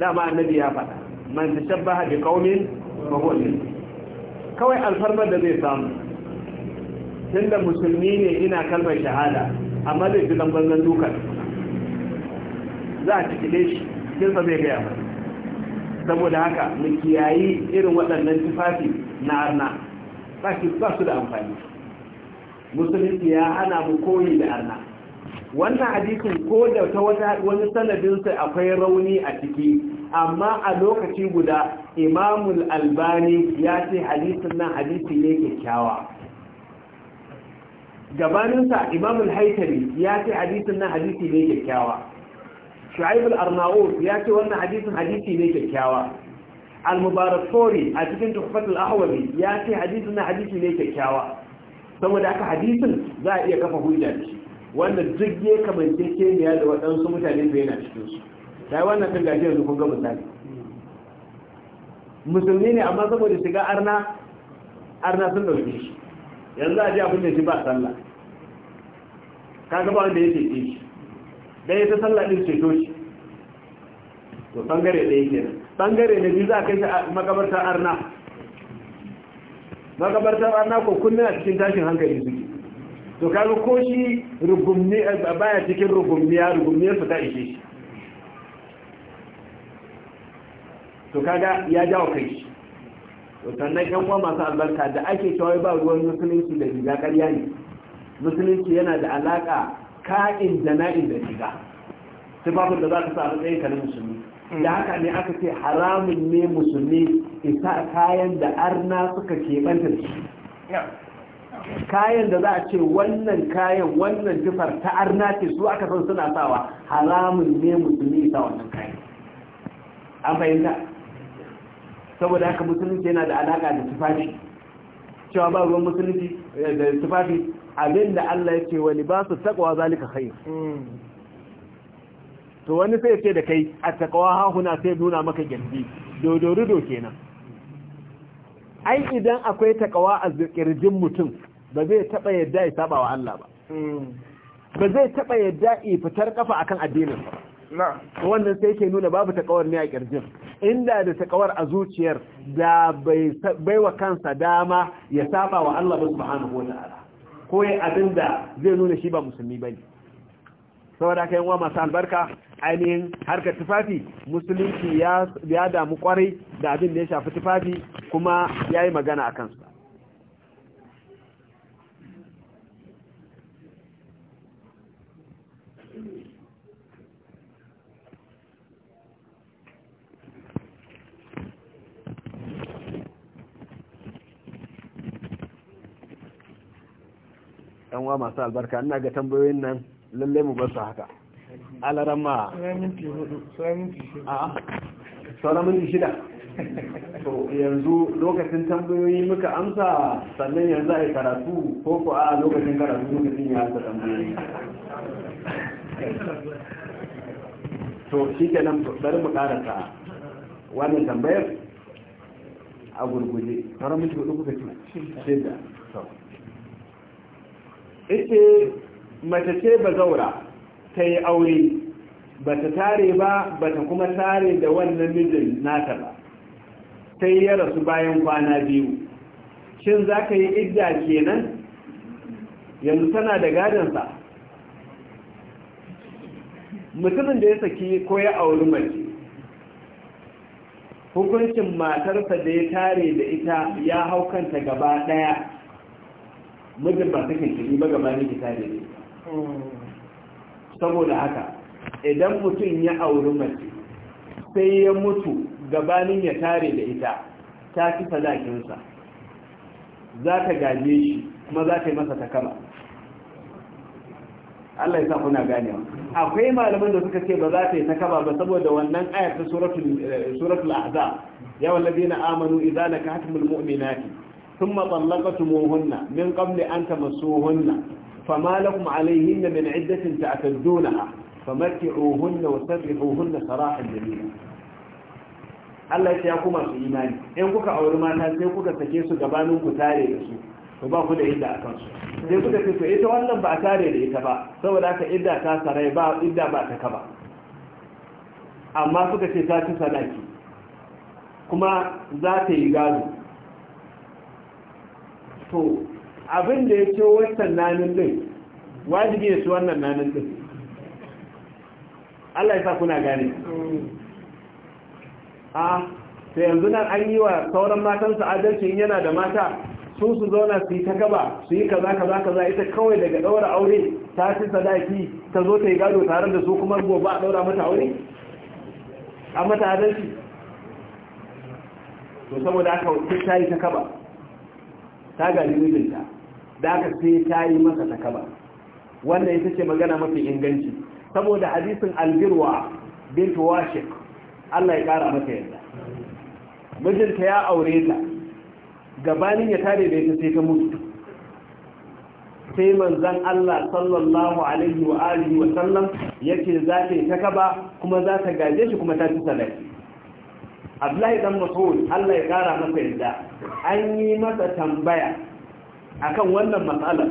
dama annabi ya faɗa man ta bi haɗe ƙaunin mahoɗin kawai alfarmar da zai samu tunda musulmi ne ina kalmar shahada amma zai fi ɗan banzan dukan za a cikile shi kin sa zai gaya ba saboda haka mu kiyayi irin waɗannan tufafi na arna ba su da amfani musulunci ya hana mu koyi da arna wannan hadisin ko da ta wani sanadinsa akwai rauni a ciki amma a lokaci guda imamul albani ya ce hadisin nan hadisi ne kyakkyawa gabaninsa imamul haitari ya ce hadisin nan hadisi ne kyakkyawa shu'aibul arna'ud ya ce wannan hadisin hadisi ne kyakkyawa al-mubarak a cikin tuhfatul ahwazi ya ce hadisin nan hadisi ne kyakkyawa saboda aka hadisin za a iya kafa hujja da shi wanda duk ya kamance keniya da waɗansu mutane su yana cikin su Sai wannan kan gashi yanzu kun ga misali musulmi ne amma saboda shiga arna arna sun dauke shi yanzu a ji abin da shi ba sallah kaga ba wanda ya ce shi ya ta sallah din to shi to bangare ɗaya nan bangare na biyu za a kai shi makabartar arna makabartar ana ko kullum a cikin tashin hankali suke to kaga ko shi rugumni eh, baya cikin rugumniya rugumniyar su ta ishe shi to kaga ya jawo kai shi to sannan yan uwa masu albarka da ake cewa ba ruwan musulunci da riga ƙarya ne musulunci yana da alaka ka'in da na'in da riga tufafin da za ka sa a matsayin ka na musulmi da haka ne aka ce haramun ne musulmi isa kayan da arna suka keɓanta shi kayan da za a ce wannan kayan wannan jifar ta arna ce su aka san suna sawa haramun ne musulmi isa wannan kayan an fahimta saboda haka musulunci yana da alaƙa da tufafi cewa ba ruwan musulunci eh, da tufafi abinda Allah ya ce wani ba su takwa zalika khair to wani sai ce da kai a takawa hahuna sai nuna maka dodori dodorido kenan ai idan akwai takawa a kirjin mutum ba zai taba yadda ya saba wa Allah ba hmm. ba zai taba yadda ya fitar kafa akan addinin ba wannan sai ke nuna babu takawar ne a kirjin inda da takawar a zuciyar da bai wa kansa dama ya saba wa Allah subhanahu wa ta'ala ko ya abin da zai nuna shi ba musulmi ne. saboda kai wa masu albarka ainihin harkar tufafi musulunci ya damu kwarai da abin da ya shafi tufafi kuma ya yi magana a kansu ɗanwa masu albarka ina ga tambayoyin nan lallai mu basu haka ma sauran minti shida to yanzu lokacin tambayoyi muka amsa sannan yanzu a karatu ko ko a lokacin karatu lokacin ya amsa tambayoyi to shi ke nan bari mu karasa wannan tambayar a gurguje sauran minti hudu kuka ce shida ita mace ce ba zaura ta yi aure ba ta tare ba ba ta kuma tare da wannan mijin nata ba sai ya rasu bayan kwana biyu shin za ka yi idda kenan yanzu tana da gadansa mutumin da ya saki ko ya auri mace hukuncin matarsa da ya tare da ita ya haukanta gaba daya mijin ba sakin ciki ba gaba ne ki tare ne saboda haka idan mutum ya auri mace sai ya mutu gabanin ya tare da ita ta fi sadakinsa za ta gaje shi kuma za ta yi masa takama. Allah ya sa kuna gane akwai malaman da suka ce ba za ta yi takaba ba saboda wannan ayar ta suratul eh, ahzab ya na amanu idza nakahtumul mu'minati thumma talaqtumuhunna min qabli an tamassuhunna فما لكم عليهن من عدة تعتدونها فمتعوهن وسرحوهن سراحا جميلا Allah ya ku masu imani in kuka auri mata sai kuka sake su gabanin ku tare da su ku ba ku da idda akan su sai kuka ce to ita wannan ba a tare da ita ba saboda haka idda ta sarai ba idda ba ta kaba amma suka ce ta ci sadaki kuma za ta yi gado to abin da ya ce wancan nanin din wajibi ne su wannan nanin din Allah ya sa kuna gane a sai yanzu nan an yi wa sauran matansa adalci yana da mata su su zauna su yi ta gaba su yi kaza kaza kaza ita kawai daga daura aure ta ci sadaki ta zo ta yi gado tare da su kuma gobe a daura mata aure a mata adalci to saboda aka ta yi ta kaba ta gani mijinta da aka sai ta yi masa takaba wannan ita ce magana mafi inganci saboda hadisin albirwa bin washik Allah ya kara mata yadda mijinta ya aure ta gabanin ya tare da ita sai ta mutu sai manzan Allah sallallahu alaihi wa alihi wa sallam yake za ta yi takaba kuma za ta gaje shi kuma ta ci sadaki Abdullahi dan Mas'ud Allah ya kara masa yadda an yi masa tambaya akan wannan matsala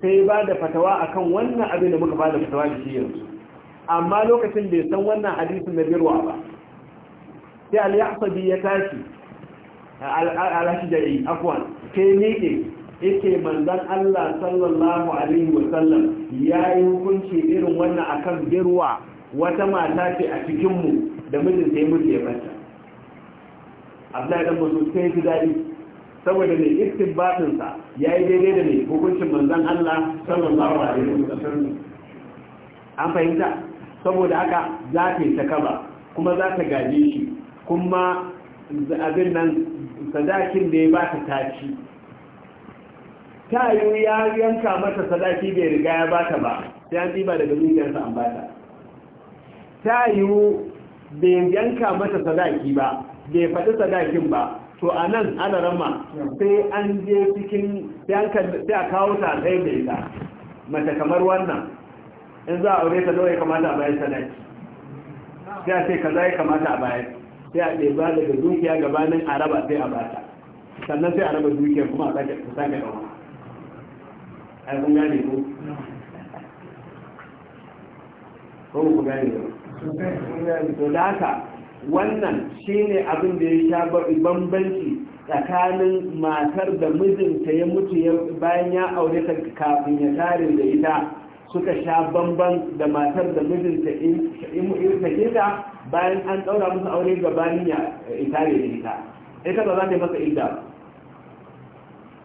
sai ba da fatawa akan wannan abin da muka bada da fatawa da shi yanzu amma lokacin bai san wannan hadisin na birwa ba sai al-yahsabi ya tashi al-ashja'i afwan sai ne yake manzan Allah sallallahu alaihi wasallam ya yi hukunci irin wannan akan birwa wata mata ce a cikin mu da mijin sai mutu ya fata. Abdullahi dan Masud sai ji daɗi saboda mai istinbatin sa yi daidai da mai hukuncin manzan Allah sallallahu alaihi wasallam an fahimta saboda haka za ka yi takaba kuma za ta gaje shi kuma abin nan sadakin da ya ba ta taci ta yi ya yanka mata sadaki bai riga ya ba ta ba sai an ba daga zuciyarsa an ba ta ta yi bai yanka mata sadaki ba bai faɗi sadakin ba to a nan ana rama sai an je cikin sai a kawo ta sai da ita mace kamar wannan in za a aure ta nawa ya kamata a bayan sadaki sai a ce kaza ya kamata a bayan sai a ɗeba daga dukiya gabanin a raba sai a bata sannan sai a raba dukiya kuma a sake ta sake ɗauma ai kun gane ko ko ku gane ko da haka wannan shine abin da ya sha bambanci tsakanin matar da mijinta ya mutu bayan ya aure ta kafin ya tare da ita suka sha bamban da matar da mijinta in ta bayan an ɗaura musu aure gabanin ya tare da ita ita ba za ta yi masa idda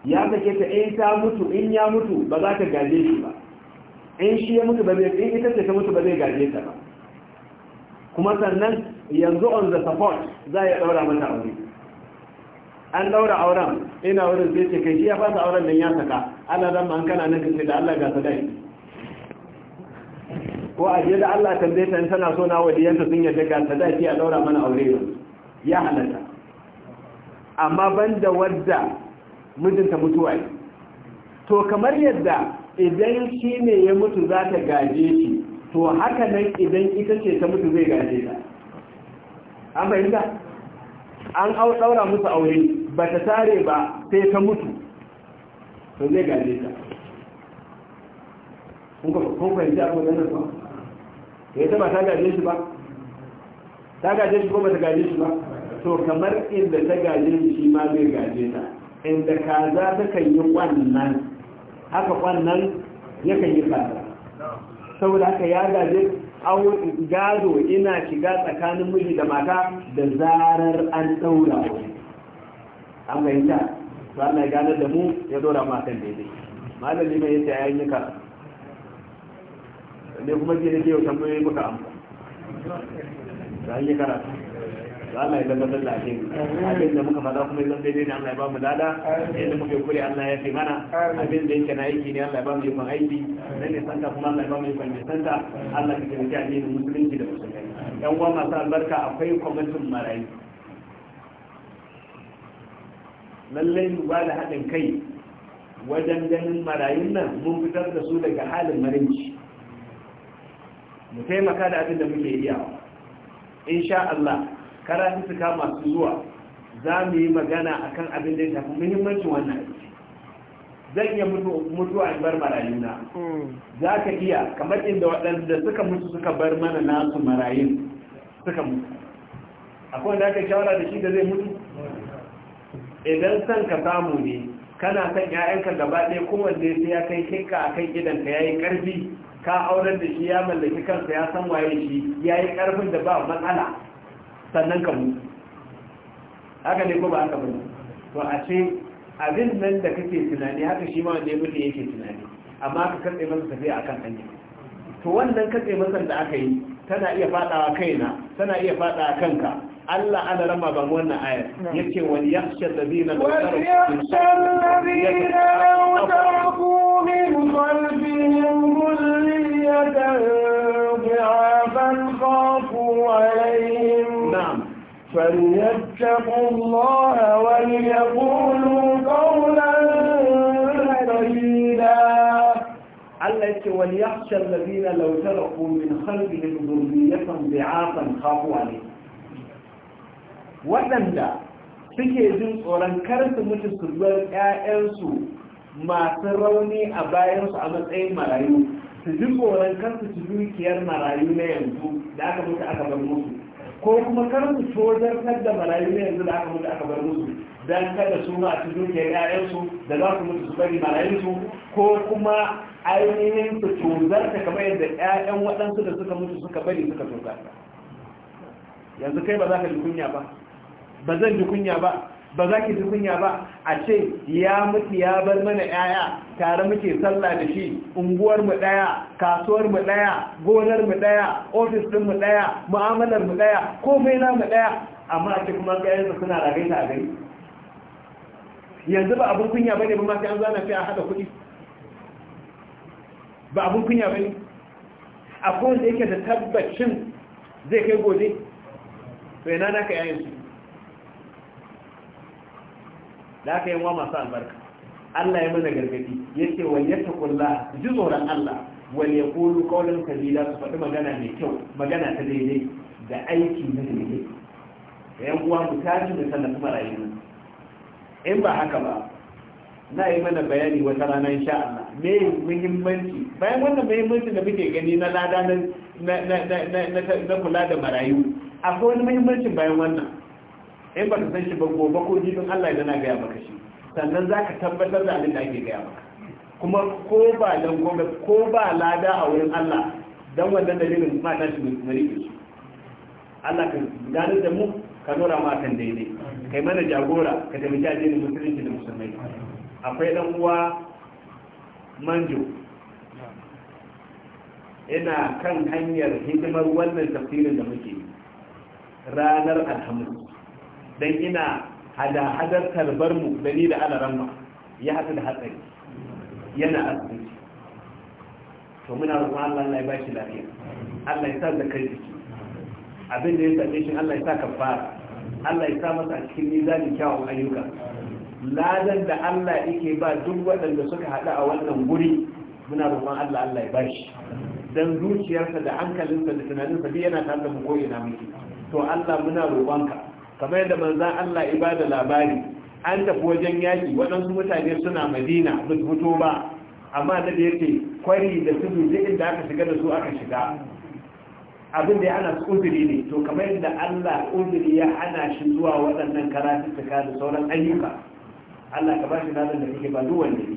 ya sake ta in ta mutu in ya mutu ba za ta gaje shi ba in shi ya mutu ba zai in ita ce ta mutu ba zai gaje ta ba kuma sannan yanzu on the support za ya daura mata aure an daura auren ina wurin sai ce kai shi ya fasa auren nan ya saka ana ma an kana nan kace da Allah ga sadai ko a je da Allah tambaye ta tana so na wadiyanta sun yadda ga ki a daura mana aure ya halatta amma banda wadda mijinta mutuwa ne to kamar yadda idan shi ne ya mutu za ta gaje shi to haka nan idan ita ce ta mutu zai gaje ta an fahimta an daura musu aure ba ta tare ba sai ta mutu to zai gaje ta kun fahimta abu da nasu ya eh, ta ba ta gaje shi ba ta gaje shi ko ba ta gaje shi ba to kamar inda ta gaje shi ma zai gaje ta inda kaza ta kan yi kwannan haka kwannan ya kan yi kaza saboda haka ya gaje gado ina shiga tsakanin miji da mata da zarar an daura wani an fahimta to Allah ya da mu ya dora mu akan daidai malami mai yace ayan yaka ne kuma ke da ke tambayoyi muka amsa ayan karatu. Allah ya tabbatar da akin abin da muka faɗa kuma zan daidai ne Allah ya ba mu lada inda muke kure Allah ya fi mana abin da yake na aiki ne Allah ya ba mu ikon aiki na nisanta kuma Allah ya ba mu ikon nisanta Allah ka taimaki addinin musulunci da musulmai yan uwa masu albarka akwai kwamitin marayu lallai mu ba da haɗin kai wajen ganin marayun nan mun fitar da su daga halin marinci mu taimaka da abin da muke iya insha Allah karatuttuka masu zuwa za mu yi magana akan abin da ya shafi muhimmancin wannan aiki zan iya mutuwa in bar marayuna hmm. za ka iya kamar inda waɗanda suka mutu suka bar mana nasu marayun suka mutu akwai wanda aka shawara da shi da zai mutu idan san ka samu ne kana san 'ya'yanka gaba ɗaya kowanne wanda ya kai kinka a kan gidanka ya yi ƙarfi ka auren da shi ya mallaki kansa ya san waye shi yayi yi ƙarfin da ba matsala sannan ka mutu haka ne ko ba haka bane to a ce abin nan da kake tunani haka shi ma wanda ya mutu yake tunani amma ka katse masa tafiya akan hanya to wannan katse masa da aka yi tana iya fadawa kaina tana iya fadawa kanka Allah ana rama ban wannan ayar yace wal yakhsha alladhina law taraku da wani فليتقوا الله وليقولوا قولا سديدا Allah yake wani ya shar da zina lautar min halbin zurriyatan bi'afan khafu ne waɗanda suke jin tsoron karsu mutu su bar ƴaƴansu masu rauni a bayansu a matsayin marayu su ji tsoron kar su ci dukiyar marayu na yanzu da aka mutu a bar musu ko kuma kar ku sojar da marayu ne yanzu da aka mutu aka bar musu dan kada su ma su duke su da za su mutu su bari marayunsu ko kuma ainihin su tozar ta kamar yadda ƴaƴan waɗansu da suka mutu suka bari suka tozar yanzu kai ba za ka ji kunya ba ba zan ji kunya ba ba za ki tukunya kunya ba a ce ya mutu ya bar mana yaya tare muke sallah da shi unguwar mu daya kasuwar mu daya gonar mu daya ofis din mu daya mu'amalar mu daya komai na mu daya amma a ce kuma kayan suna ragai ta gari yanzu ba abun kunya bane ba ma sai an zana fi a hada kuɗi ba abun kunya bane akwai wanda yake da tabbacin zai kai gobe to yana naka yayin su da aka yi wa masu albarka Allah ya mana gargadi ya ta kulla, ji tsoron Allah wani ya yaqulu kaunin Kabila su faɗi magana mai kyau magana ta daidai da aiki na daidai da yan uwa mu tashi mu kuma marayu in ba haka ba na yi mana bayani wata rana insha Allah me muhimmanci bayan wannan muhimmancin da muke gani na lada na kula da marayu akwai wani muhimmancin bayan wannan in ba ta san shi ba gobe ko jibin Allah na gaya maka shi sannan za ka tabbatar da abin da ake gaya maka kuma ko ba dan gobe ko ba lada a wurin Allah dan wannan dalilin ma ta shi mai rike shi Allah ka gane da mu ka nora mu akan daidai kai mana jagora ka taimaki ne musulunci da musulmai akwai dan uwa manjo ina kan hanyar hidimar wannan tafsirin da muke ranar alhamdulillah dan ina hada hadar tarbar mu da ni da ramma. ya haɗu da hatsari yana asibiti to muna roƙon Allah Allah ya ba shi lafiya Allah ya sa zakar jiki abin da ya same shi Allah ya sa kafara Allah ya sa masa a cikin mizanin kyawun ayyuka ladan da Allah yake ba duk waɗanda suka haɗu a wannan guri muna roƙon Allah Allah ya ba shi dan zuciyarsa da hankalinsa da tunaninsa duk yana tare da mu ko ina muke to Allah muna roƙonka kamar yadda manzan Allah ibada labari an tafi wajen yaki waɗansu mutane suna madina ba su fito ba amma da da yake kwari da tudu duk inda aka shiga da su aka shiga abin da ya hana su uzuri ne to kamar yadda Allah uzuri ya hana shi zuwa waɗannan karatuttuka da sauran ayyuka Allah ka bashi da kake ba duwan ne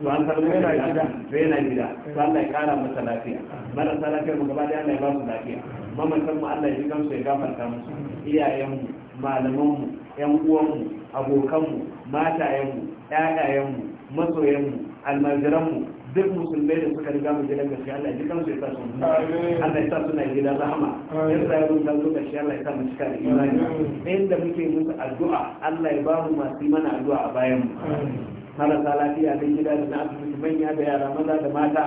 to an karbo yana gida to yana gida to Allah ya kara masa lafiya marasa lafiyar mu gaba da Allah ya ba su lafiya mamakan mu Allah ya ji gamsu ya gafarta musu iyayen mu malaman mu yan uwan mu abokan mu mu masoyan mu Almajiran mu duk musulmai da suka riga mu gidan gaske Allah ya jikan ya sa Amin. Allah ya sa suna gidan rahama ya sa ya rubuta zo gaske Allah ya sa mu cika da imani inda muke musu addu'a Allah ya ba mu masu mana addu'a a bayan mu marasa lafiya da gida da na asibiti manya da yara maza da mata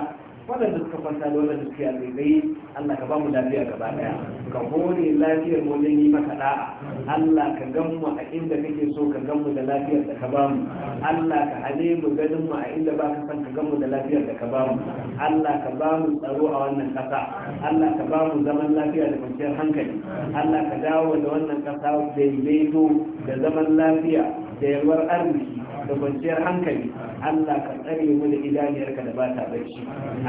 waɗanda suka kwanta da waɗanda suke albai Allah ka ba mu lafiya gaba daya ka hore lafiyar mu wajen yi maka da'a Allah ka gan mu a inda kake so ka gan mu da lafiyar da ka ba mu Allah ka hane mu ganin mu a inda ba ka san ka gan mu da lafiyar da ka ba mu Allah ka ba mu tsaro a wannan ƙasa Allah ka ba mu zaman lafiya da kwanciyar hankali Allah ka dawo da wannan ƙasa daidaito da zaman lafiya da yalwar arziki da kwanciyar hankali Allah ka tsare mu da idaniyarka da ba ta barci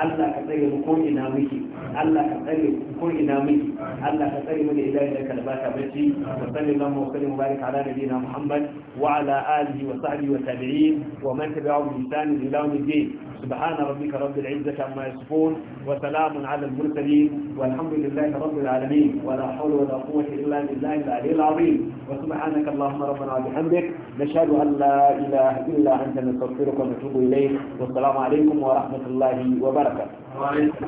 Allah ka tsare mu ko ina muke Allah ka tsare mu ko ina muke Allah ka tsare mu da da ba ta barci wa sallallahu wa sallam baraka ala nabiyina Muhammad wa ala alihi wa sahbihi wa tabi'in wa man tabi'ahum bi ihsan ila yawm الدين سبحان ربك رب العزة عما يصفون وسلام على المرسلين والحمد لله رب العالمين ولا حول ولا قوة إلا بالله العلي العظيم وسبحانك اللهم ربنا وبحمدك نشهد أن لا إله إله إلا أنت نستغفرك ونتوب إليك والسلام عليكم ورحمة الله وبركاته